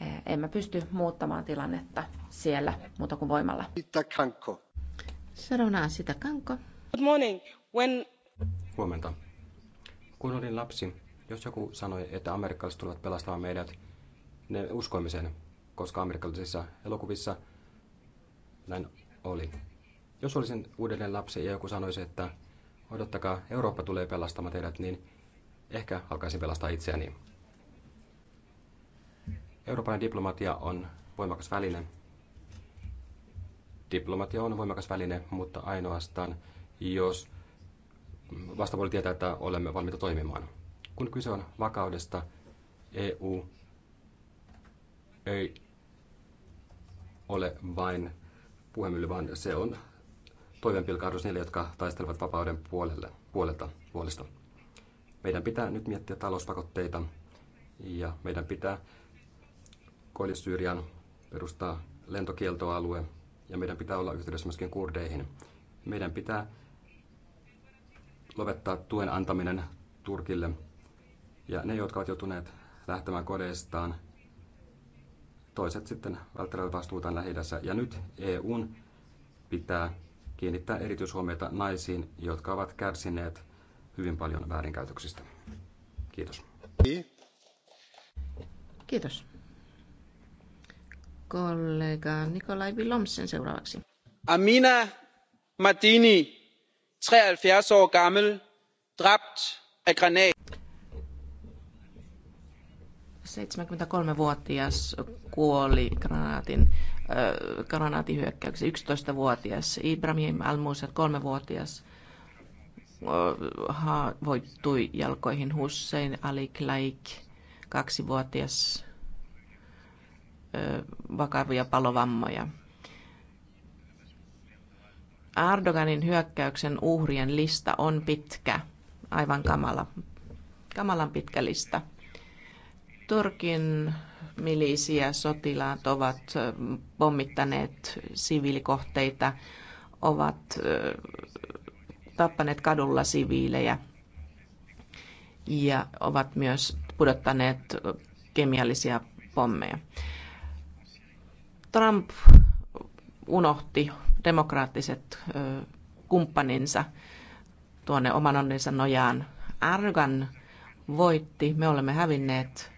Äh, emme pysty muuttamaan tilannetta siellä muuta kuin voimalla. Seuraavana sitä kanko. Good morning. When... Huomenta. Kun olin lapsi, jos joku sanoi, että amerikkalaiset tulevat pelastamaan meidät, ne uskoimme sen, koska amerikkalaisissa elokuvissa näin oli. Jos olisin uudelleen lapsi ja joku sanoisi, että odottakaa, Eurooppa tulee pelastamaan teidät, niin ehkä alkaisin pelastaa itseäni. Euroopan diplomatia on voimakas väline. Diplomatia on voimakas väline, mutta ainoastaan, jos vastapuoli tietää, että olemme valmiita toimimaan. Kun kyse on vakaudesta, EU ei ole vain puhemylly, vaan se on toimenpilkahdus niille, jotka taistelevat vapauden puolelle, puolelta, puolesta. Meidän pitää nyt miettiä talouspakotteita ja meidän pitää koillis perustaa lentokieltoalue ja meidän pitää olla yhteydessä myöskin kurdeihin. Meidän pitää lopettaa tuen antaminen Turkille. Ja ne, jotka ovat joutuneet lähtemään kodeistaan, toiset sitten välttävät vastuutaan lähi Ja nyt EUn pitää kiinnittää erityishuomiota naisiin, jotka ovat kärsineet hyvin paljon väärinkäytöksistä. Kiitos. Kiitos. Kollega Nikolai Vilomsen seuraavaksi. Amina Matini tre og halvfjerds år gammel dræbt af granater. 73 vuotias kuoli granaatin äh, granaatihyökkäyksessä 11 vuotias Ibrahim Al-Musat 3 vuotias haavoittui jalkoihin Hussein Ali Klaik, vuotias vakavia palovammoja. Erdoganin hyökkäyksen uhrien lista on pitkä, aivan kamala, kamalan pitkä lista. Turkin milisiä sotilaat ovat pommittaneet siviilikohteita, ovat tappaneet kadulla siviilejä ja ovat myös pudottaneet kemiallisia pommeja. Trump unohti demokraattiset kumppaninsa tuonne oman onnensa nojaan. Argan voitti, me olemme hävinneet.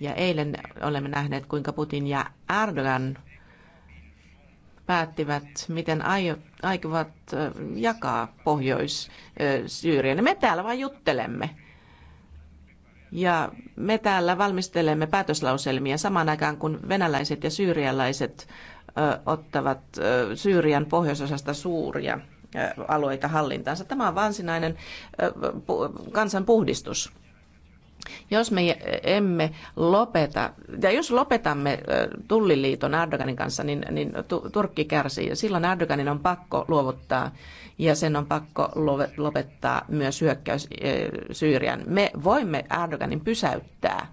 Ja eilen olemme nähneet, kuinka Putin ja Erdogan päättivät, miten aikovat jakaa Pohjois-Syyrian. Me täällä vain juttelemme. Ja me täällä valmistelemme päätöslauselmia samaan aikaan, kun venäläiset ja syyrialaiset ottavat Syyrian pohjoisosasta suuria alueita hallintaansa. Tämä on varsinainen kansanpuhdistus. Jos me emme lopeta, ja jos lopetamme tulliliiton Erdoganin kanssa, niin, niin Turkki kärsii. Silloin Erdoganin on pakko luovuttaa ja sen on pakko lopettaa myös hyökkäys Syyrian. Me voimme Erdoganin pysäyttää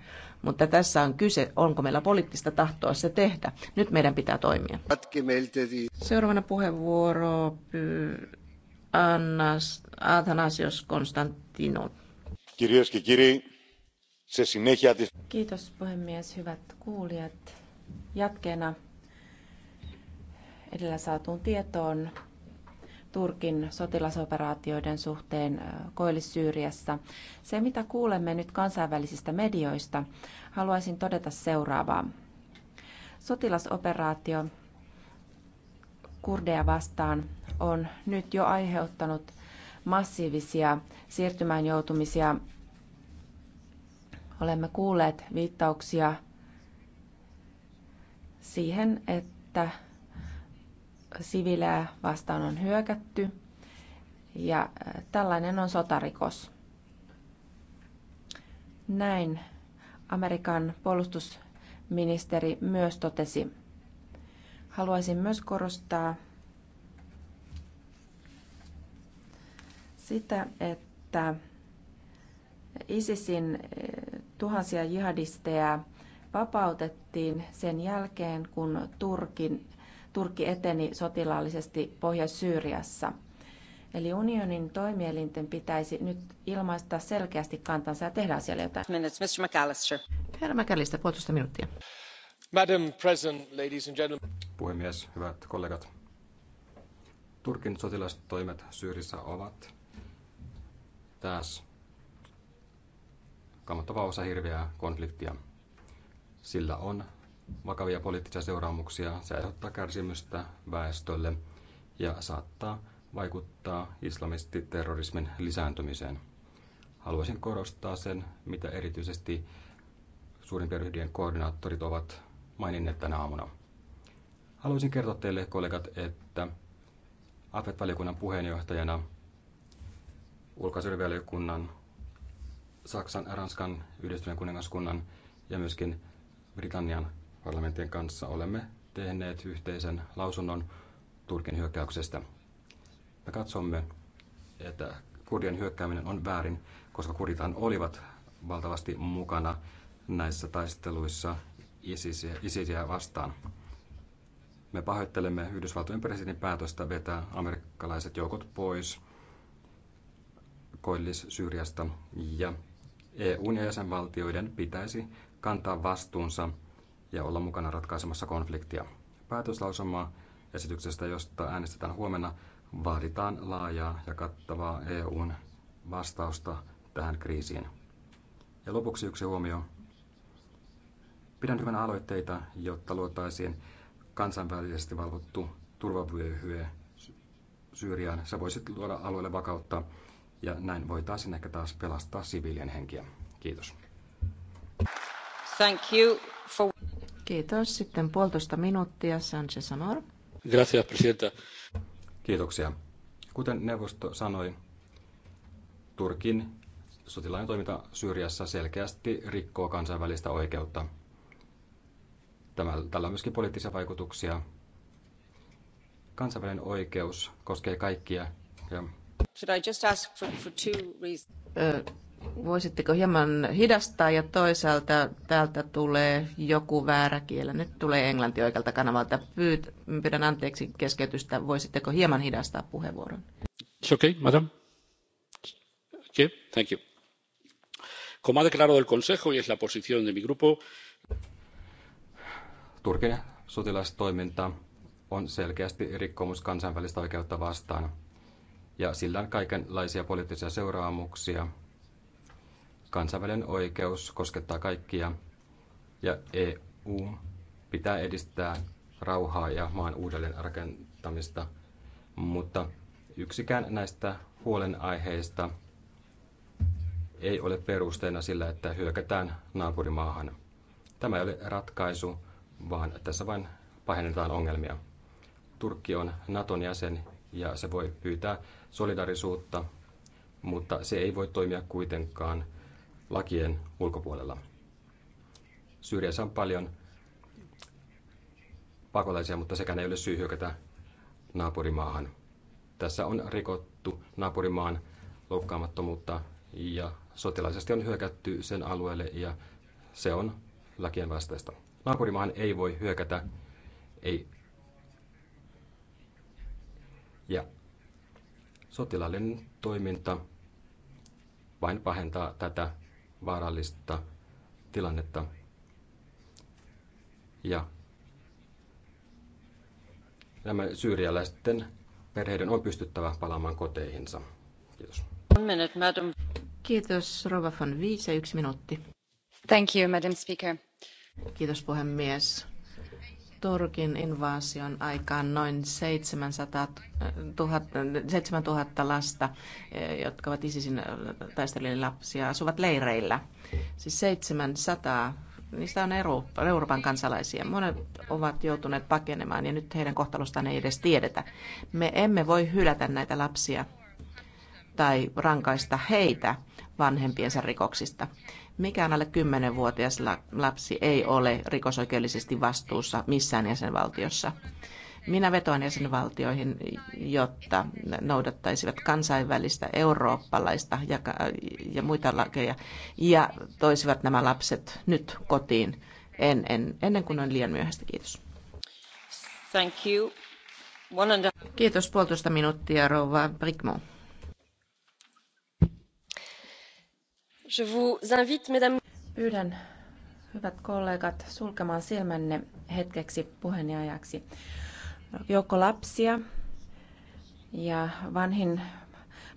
mutta tässä on kyse, onko meillä poliittista tahtoa se tehdä. Nyt meidän pitää toimia. Seuraavana puheenvuoro Annas, Athanasios Konstantino. Kiri, se kirjaa. Kiitos puhemies, hyvät kuulijat. Jatkeena edellä saatuun tietoon Turkin sotilasoperaatioiden suhteen Koillis-Syyriassa. Se, mitä kuulemme nyt kansainvälisistä medioista, haluaisin todeta seuraavaa. Sotilasoperaatio kurdeja vastaan on nyt jo aiheuttanut massiivisia siirtymään joutumisia. Olemme kuulleet viittauksia siihen, että siviilejä vastaan on hyökätty ja äh, tällainen on sotarikos. Näin Amerikan puolustusministeri myös totesi. Haluaisin myös korostaa sitä, että ISISin äh, tuhansia jihadisteja vapautettiin sen jälkeen, kun Turkin Turkki eteni sotilaallisesti Pohjois-Syyriassa. Eli unionin toimielinten pitäisi nyt ilmaista selkeästi kantansa ja tehdä asialle jotain. Minutes, Mr. McAllister. Herra McAllister, puolitoista minuuttia. Madam President, ladies and gentlemen. Puhemies, hyvät kollegat. Turkin sotilastoimet Syyrissä ovat taas kammottava osa hirveää konfliktia. Sillä on vakavia poliittisia seuraamuksia, se aiheuttaa kärsimystä väestölle ja saattaa vaikuttaa islamistiterrorismin lisääntymiseen. Haluaisin korostaa sen, mitä erityisesti suurimpien ryhdien koordinaattorit ovat maininneet tänä aamuna. Haluaisin kertoa teille, kollegat, että AFET-valiokunnan puheenjohtajana ulkoasiainvaliokunnan, Saksan, Ranskan, Yhdistyneen kuningaskunnan ja myöskin Britannian parlamentin kanssa olemme tehneet yhteisen lausunnon Turkin hyökkäyksestä. Me katsomme, että kurdien hyökkääminen on väärin, koska kurditaan olivat valtavasti mukana näissä taisteluissa ISISiä vastaan. Me pahoittelemme Yhdysvaltojen presidentin päätöstä vetää amerikkalaiset joukot pois Koillis-Syyriasta ja EUn ja jäsenvaltioiden pitäisi kantaa vastuunsa – ja olla mukana ratkaisemassa konfliktia. Päätöslauselmaa esityksestä, josta äänestetään huomenna, vaaditaan laajaa ja kattavaa EUn vastausta tähän kriisiin. Ja lopuksi yksi huomio. Pidän hyvänä aloitteita, jotta luotaisiin kansainvälisesti valvottu turvavyöhyö Syyriaan. Se voisi luoda alueelle vakautta ja näin voitaisiin ehkä taas pelastaa siviilien henkiä. Kiitos. Thank you for... Kiitos. Sitten puolitoista minuuttia, Sanchez Amor. Gracias, presidenta. Kiitoksia. Kuten neuvosto sanoi, Turkin sotilainen toiminta Syyriassa selkeästi rikkoo kansainvälistä oikeutta. Tämä, tällä on myöskin poliittisia vaikutuksia. Kansainvälinen oikeus koskee kaikkia. Ja... Should I just ask for, for two reasons? voisitteko hieman hidastaa ja toisaalta täältä tulee joku väärä kielä. Nyt tulee englanti oikealta kanavalta. Pyyt, pyydän anteeksi keskeytystä. Voisitteko hieman hidastaa puheenvuoron? It's okay, madam. Okay, thank you. Como ha declarado el Consejo y es la posición de mi grupo, Turkin sotilastoiminta on selkeästi rikkomus kansainvälistä oikeutta vastaan, ja sillä on kaikenlaisia poliittisia seuraamuksia – Kansainvälinen oikeus koskettaa kaikkia ja EU pitää edistää rauhaa ja maan uudelleenrakentamista, mutta yksikään näistä huolenaiheista ei ole perusteena sillä, että hyökätään naapurimaahan. Tämä ei ole ratkaisu, vaan tässä vain pahennetaan ongelmia. Turkki on Naton jäsen ja se voi pyytää solidarisuutta, mutta se ei voi toimia kuitenkaan lakien ulkopuolella. Syyriassa on paljon pakolaisia, mutta sekään ei ole syy hyökätä naapurimaahan. Tässä on rikottu naapurimaan loukkaamattomuutta ja sotilaisesti on hyökätty sen alueelle ja se on lakien vastaista. Naapurimaahan ei voi hyökätä, ei. Ja sotilaallinen toiminta vain pahentaa tätä vaarallista tilannetta. Ja nämä syyrialaisten perheiden on pystyttävä palaamaan koteihinsa. Kiitos. Kiitos, Rova van Viise. Yksi minuutti. Thank you, Madam Speaker. Kiitos, puhemies. Turkin invaasion aikaan noin 700 000, 7 000 lasta, e, jotka ovat ISISin taistelijoiden lapsia, asuvat leireillä. Siis 700, niistä on Euroopan kansalaisia. Monet ovat joutuneet pakenemaan ja nyt heidän kohtalostaan ei edes tiedetä. Me emme voi hylätä näitä lapsia tai rankaista heitä vanhempiensa rikoksista. Mikään alle 10-vuotias lapsi ei ole rikosoikeudellisesti vastuussa missään jäsenvaltiossa. Minä vetoan jäsenvaltioihin, jotta noudattaisivat kansainvälistä, eurooppalaista ja, ja muita lakeja ja toisivat nämä lapset nyt kotiin en, en, ennen kuin on liian myöhäistä. Kiitos. Thank you. Kiitos puolitoista minuuttia, rouva Brickmo. Pyydän hyvät kollegat sulkemaan silmänne hetkeksi puheen ajaksi. Joukko lapsia ja vanhin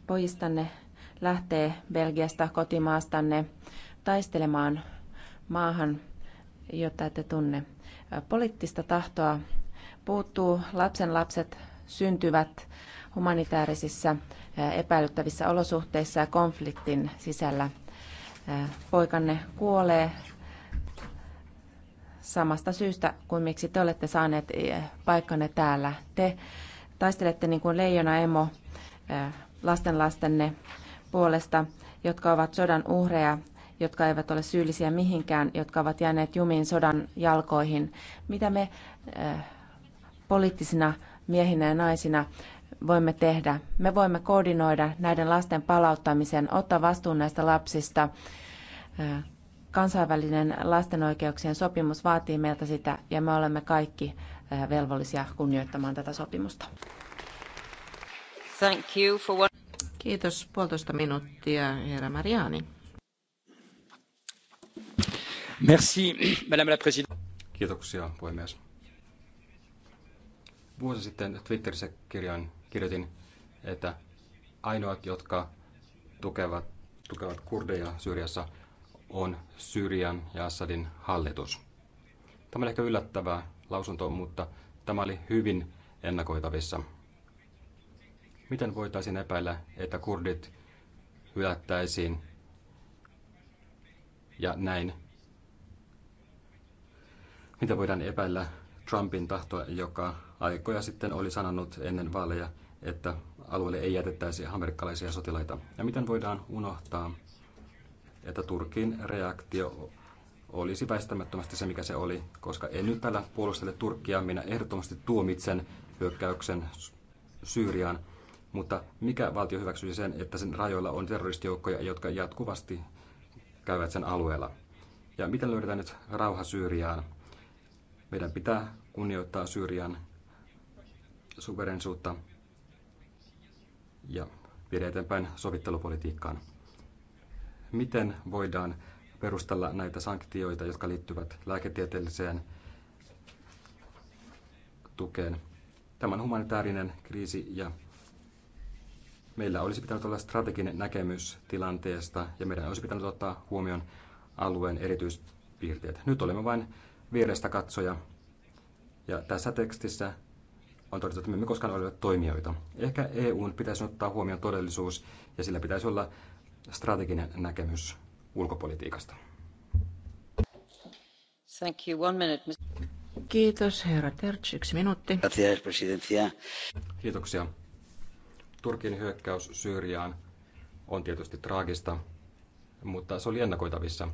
pojistanne lähtee Belgiasta kotimaastanne taistelemaan maahan, jota ette tunne. Poliittista tahtoa puuttuu, lapsen lapset syntyvät humanitaarisissa epäilyttävissä olosuhteissa ja konfliktin sisällä poikanne kuolee samasta syystä kuin miksi te olette saaneet e, paikkanne täällä. Te taistelette niin kuin leijona emo e, lastenlastenne puolesta, jotka ovat sodan uhreja, jotka eivät ole syyllisiä mihinkään, jotka ovat jääneet jumiin sodan jalkoihin. Mitä me e, poliittisina miehinä ja naisina voimme tehdä? Me voimme koordinoida näiden lasten palauttamisen, ottaa vastuun näistä lapsista. Kansainvälinen lasten oikeuksien sopimus vaatii meiltä sitä ja me olemme kaikki velvollisia kunnioittamaan tätä sopimusta. Thank you for one... Kiitos puolitoista minuuttia, herra Mariani. Merci, madame la présidente. Kiitoksia, puhemies. Vuosi sitten Twitterissä kirjoin kirjoitin, että ainoat, jotka tukevat, tukevat kurdeja Syyriassa, on Syyrian ja Assadin hallitus. Tämä oli ehkä yllättävää lausunto, mutta tämä oli hyvin ennakoitavissa. Miten voitaisiin epäillä, että kurdit hylättäisiin ja näin? Mitä voidaan epäillä Trumpin tahtoa, joka aikoja sitten oli sanonut ennen vaaleja, että alueelle ei jätettäisi amerikkalaisia sotilaita. Ja miten voidaan unohtaa, että Turkin reaktio olisi väistämättömästi se, mikä se oli, koska en nyt tällä puolustele Turkkia, minä ehdottomasti tuomitsen hyökkäyksen Syyriaan, mutta mikä valtio hyväksyisi sen, että sen rajoilla on terroristijoukkoja, jotka jatkuvasti käyvät sen alueella? Ja miten löydetään nyt rauha Syyriaan? Meidän pitää kunnioittaa Syyrian suverensuutta ja viedä eteenpäin sovittelupolitiikkaan. Miten voidaan perustella näitä sanktioita, jotka liittyvät lääketieteelliseen tukeen? Tämä on humanitaarinen kriisi ja meillä olisi pitänyt olla strateginen näkemys tilanteesta ja meidän olisi pitänyt ottaa huomioon alueen erityispiirteet. Nyt olemme vain vierestä katsoja ja tässä tekstissä on todettu, että me emme koskaan ole toimijoita. Ehkä EUn pitäisi ottaa huomioon todellisuus ja sillä pitäisi olla strateginen näkemys ulkopolitiikasta. Thank you. One minute, Mr. Kiitos, herra Terts. Yksi minuutti. Kiitoksia. Turkin hyökkäys Syyriaan on tietysti traagista, mutta se oli ennakoitavissa,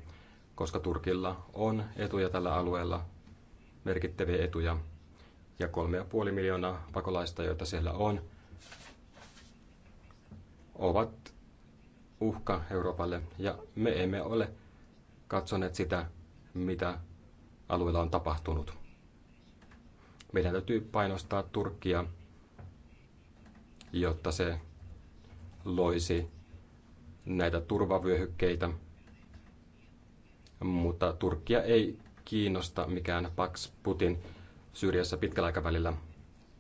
koska Turkilla on etuja tällä alueella, merkittäviä etuja, ja 3,5 miljoonaa pakolaista, joita siellä on, ovat uhka Euroopalle ja me emme ole katsoneet sitä, mitä alueella on tapahtunut. Meidän täytyy painostaa Turkkia, jotta se loisi näitä turvavyöhykkeitä, mutta Turkkia ei kiinnosta mikään Pax Putin – Syyriassa pitkällä aikavälillä,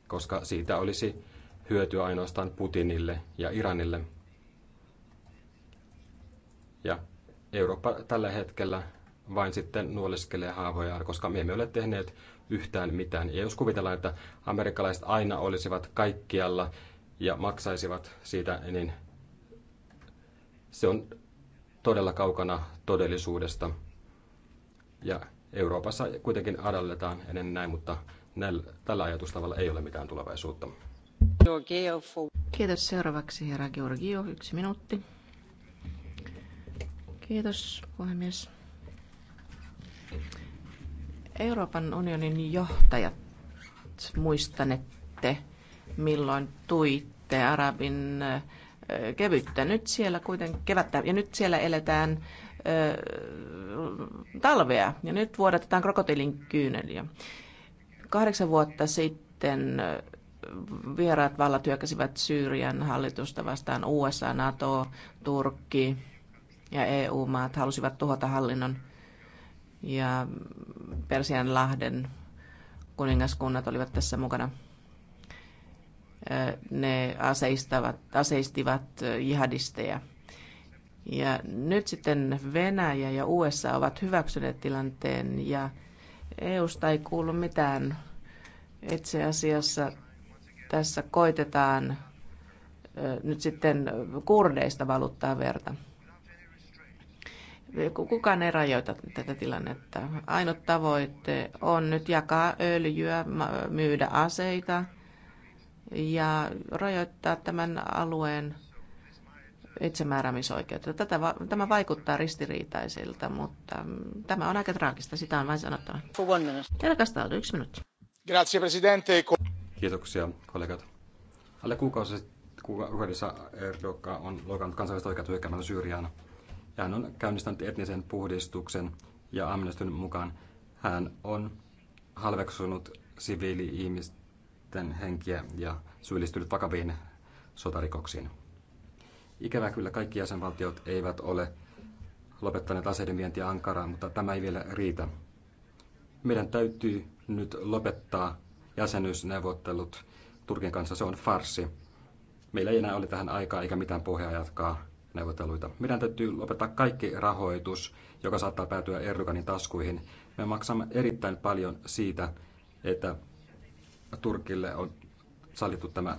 koska siitä olisi hyötyä ainoastaan Putinille ja Iranille. Ja Eurooppa tällä hetkellä vain sitten nuoleskelee haavoja, koska me emme ole tehneet yhtään mitään. Ja jos kuvitellaan, että amerikkalaiset aina olisivat kaikkialla ja maksaisivat siitä, niin se on todella kaukana todellisuudesta. Ja Euroopassa kuitenkin adalletaan ennen näin, mutta näillä, tällä ajatustavalla ei ole mitään tulevaisuutta. Kiitos. Seuraavaksi herra Georgio, yksi minuutti. Kiitos, puhemies. Euroopan unionin johtajat muistanette, milloin tuitte Arabin äh, kevyttä. Nyt siellä kuitenkin kevättä, ja nyt siellä eletään talvea. Ja nyt vuodatetaan krokotiilin kyyneliä. Kahdeksan vuotta sitten vieraat vallat hyökkäsivät Syyrian hallitusta vastaan. USA, NATO, Turkki ja EU-maat halusivat tuhota hallinnon ja Persianlahden kuningaskunnat olivat tässä mukana. Ne aseistavat, aseistivat jihadisteja – ja nyt sitten Venäjä ja USA ovat hyväksyneet tilanteen ja EUsta ei kuulu mitään. Itse asiassa tässä koitetaan nyt sitten kurdeista valuttaa verta. Kukaan ei rajoita tätä tilannetta. Ainut tavoite on nyt jakaa öljyä, myydä aseita ja rajoittaa tämän alueen itsemääräämisoikeutta. Tätä, tämä vaikuttaa ristiriitaisilta, mutta mm, tämä on aika traagista, sitä on vain sanottava. on yksi minuutti. Grazie, presidente. Kiitoksia, kollegat. Alle kuukausi kuukaudessa Erdogan on loukannut kansainvälistä oikeutta hyökkäämällä Syyriaan. Ja hän on käynnistänyt etnisen puhdistuksen ja Amnestyn mukaan hän on halveksunut siviili-ihmisten henkiä ja syyllistynyt vakaviin sotarikoksiin. Ikävä kyllä kaikki jäsenvaltiot eivät ole lopettaneet aseiden vientiä Ankaraan, mutta tämä ei vielä riitä. Meidän täytyy nyt lopettaa jäsenyysneuvottelut Turkin kanssa. Se on farsi. Meillä ei enää ole tähän aikaa eikä mitään pohjaa jatkaa neuvotteluita. Meidän täytyy lopettaa kaikki rahoitus, joka saattaa päätyä Erdoganin taskuihin. Me maksamme erittäin paljon siitä, että Turkille on sallittu tämä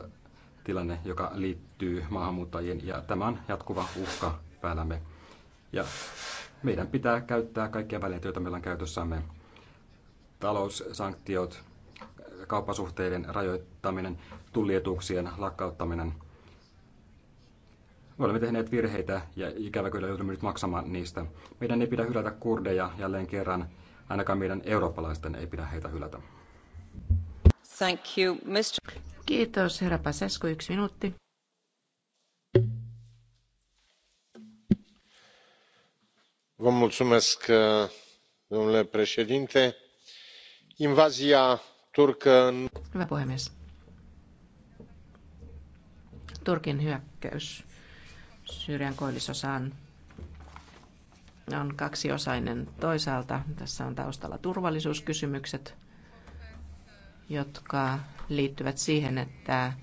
tilanne, joka liittyy maahanmuuttajien, ja tämä on jatkuva uhka päällämme. Ja meidän pitää käyttää kaikkia välineitä, joita meillä on käytössämme. Taloussanktiot, kauppasuhteiden rajoittaminen, tullietuuksien lakkauttaminen. Me olemme tehneet virheitä ja ikävä kyllä joudumme nyt maksamaan niistä. Meidän ei pidä hylätä kurdeja jälleen kerran, ainakaan meidän eurooppalaisten ei pidä heitä hylätä. Thank you, Mr. Kiitos, herra Pasesku. Yksi minuutti. domnule președinte invazia turcă în. hyvä puhemies turkin hyökkäys syyrian koillisosaan on kaksiosainen. toisaalta tässä on taustalla turvallisuuskysymykset jotka liittyvät siihen, että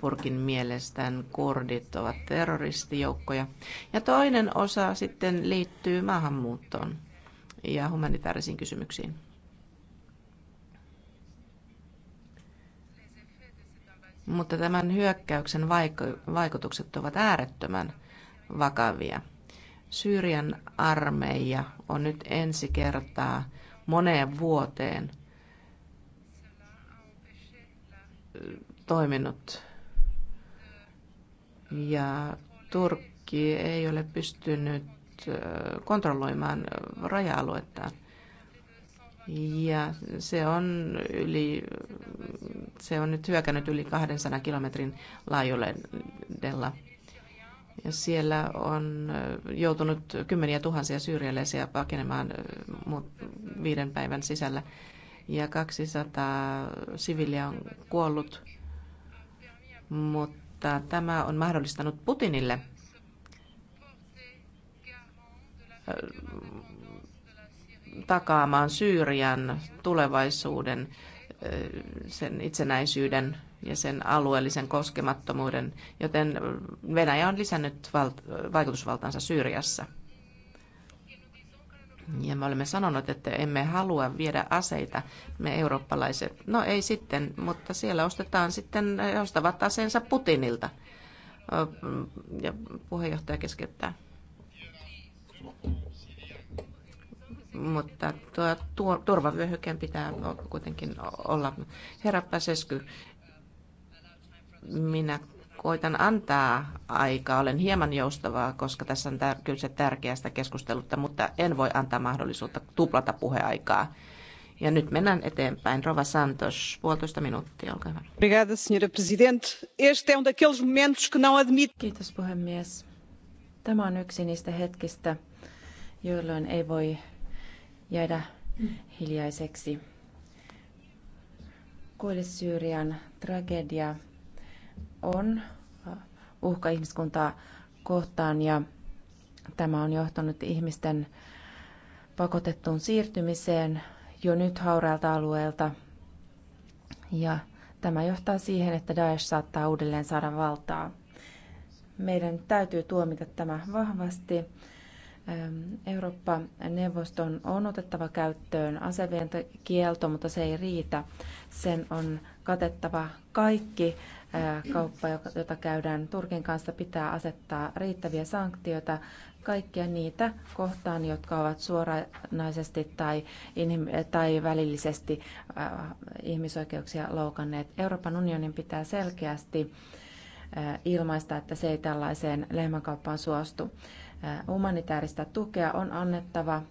Turkin mielestään kurdit ovat terroristijoukkoja. Ja toinen osa sitten liittyy maahanmuuttoon ja humanitaarisiin kysymyksiin. Mutta tämän hyökkäyksen vaikutukset ovat äärettömän vakavia. Syyrian armeija on nyt ensi kertaa moneen vuoteen – toiminut. Ja Turkki ei ole pystynyt äh, kontrolloimaan raja aluetta Ja se on, yli, se on nyt hyökännyt yli 200 kilometrin laajuudella. Ja siellä on äh, joutunut kymmeniä tuhansia syyrialaisia pakenemaan äh, viiden päivän sisällä ja 200 siviliä on kuollut, mutta tämä on mahdollistanut Putinille äh, takaamaan Syyrian tulevaisuuden, äh, sen itsenäisyyden ja sen alueellisen koskemattomuuden, joten Venäjä on lisännyt vaikutusvaltaansa Syyriassa. Ja me olemme sanoneet, että emme halua viedä aseita, me eurooppalaiset. No ei sitten, mutta siellä ostetaan sitten, ostavat aseensa Putinilta. Ja puheenjohtaja keskeyttää. Mutta tuo, tuo turvavyöhykkeen pitää kuitenkin olla. Herra Pasesky, minä koitan antaa aikaa. Olen hieman joustavaa, koska tässä on tär- se tärkeästä keskustelusta, mutta en voi antaa mahdollisuutta tuplata puheaikaa. Ja nyt mennään eteenpäin. Rova Santos, puolitoista minuuttia, olkaa hyvä. Obrigada, senhora presidente. Este on um daqueles momentos que não admit... Kiitos, puhemies. Tämä on yksi niistä hetkistä, jolloin ei voi jäädä hiljaiseksi. Koillis-Syyrian tragedia on äh, uhka ihmiskuntaa kohtaan ja tämä on johtanut ihmisten pakotettuun siirtymiseen jo nyt hauraalta alueelta ja tämä johtaa siihen, että Daesh saattaa uudelleen saada valtaa. Meidän täytyy tuomita tämä vahvasti. Eurooppa-neuvoston on otettava käyttöön asevientokielto, mutta se ei riitä. Sen on katettava kaikki kauppa, jota käydään Turkin kanssa, pitää asettaa riittäviä sanktioita kaikkia niitä kohtaan, jotka ovat suoranaisesti tai, inhim- tai välillisesti äh, ihmisoikeuksia loukanneet. Euroopan unionin pitää selkeästi äh, ilmaista, että se ei tällaiseen lehmänkauppaan suostu. Äh, humanitaarista tukea on annettava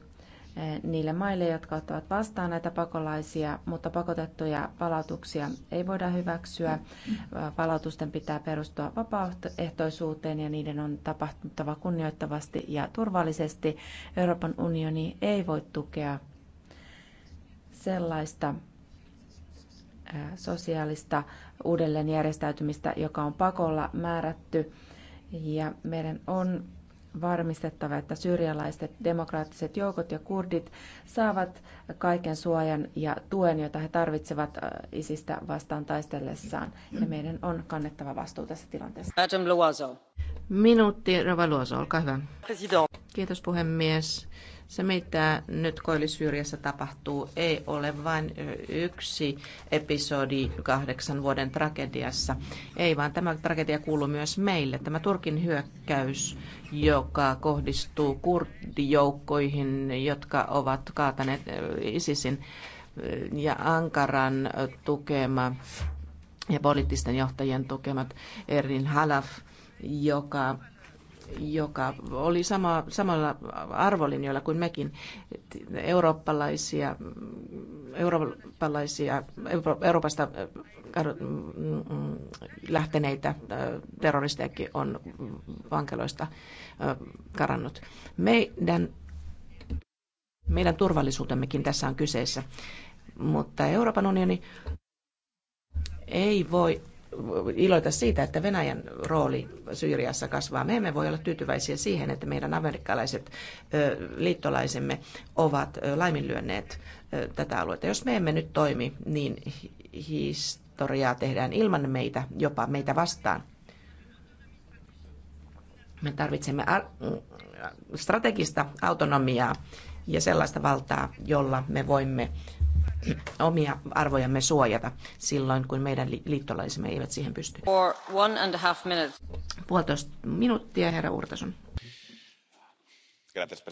Eh, niille maille, jotka ottavat vastaan näitä pakolaisia, mutta pakotettuja palautuksia ei voida hyväksyä. Eh, palautusten pitää perustua vapaaehtoisuuteen ja niiden on tapahtuttava kunnioittavasti ja turvallisesti. Euroopan unioni ei voi tukea sellaista eh, sosiaalista uudelleenjärjestäytymistä, joka on pakolla määrätty. Ja meidän on varmistettava, että syyrialaiset demokraattiset joukot ja kurdit saavat kaiken suojan ja tuen, jota he tarvitsevat äh, isistä vastaan taistellessaan. Ja meidän on kannettava vastuu tässä tilanteessa. Adam Minuutti, Rova Luozo, olkaa hyvä. President. Kiitos puhemies. Se, mitä nyt Koillisyyriassa tapahtuu, ei ole vain yksi episodi kahdeksan vuoden tragediassa. Ei, vaan tämä tragedia kuuluu myös meille. Tämä Turkin hyökkäys, joka kohdistuu kurdijoukkoihin, jotka ovat kaataneet ISISin ja Ankaran tukema ja poliittisten johtajien tukemat Erin Halaf, joka joka oli sama, samalla arvolinjoilla kuin mekin eurooppalaisia, eurooppalaisia Euroopasta äh, lähteneitä äh, terroristejakin on vankeloista äh, karannut. Meidän, meidän turvallisuutemmekin tässä on kyseessä, mutta Euroopan unioni ei voi iloita siitä, että Venäjän rooli Syyriassa kasvaa. Me emme voi olla tyytyväisiä siihen, että meidän amerikkalaiset liittolaisemme ovat laiminlyönneet tätä aluetta. Jos me emme nyt toimi, niin historiaa tehdään ilman meitä, jopa meitä vastaan. Me tarvitsemme strategista autonomiaa ja sellaista valtaa, jolla me voimme omia arvojamme suojata silloin, kun meidän liittolaisemme eivät siihen pysty. For one and a half Puolitoista minuuttia, herra Urtasun. Gracias,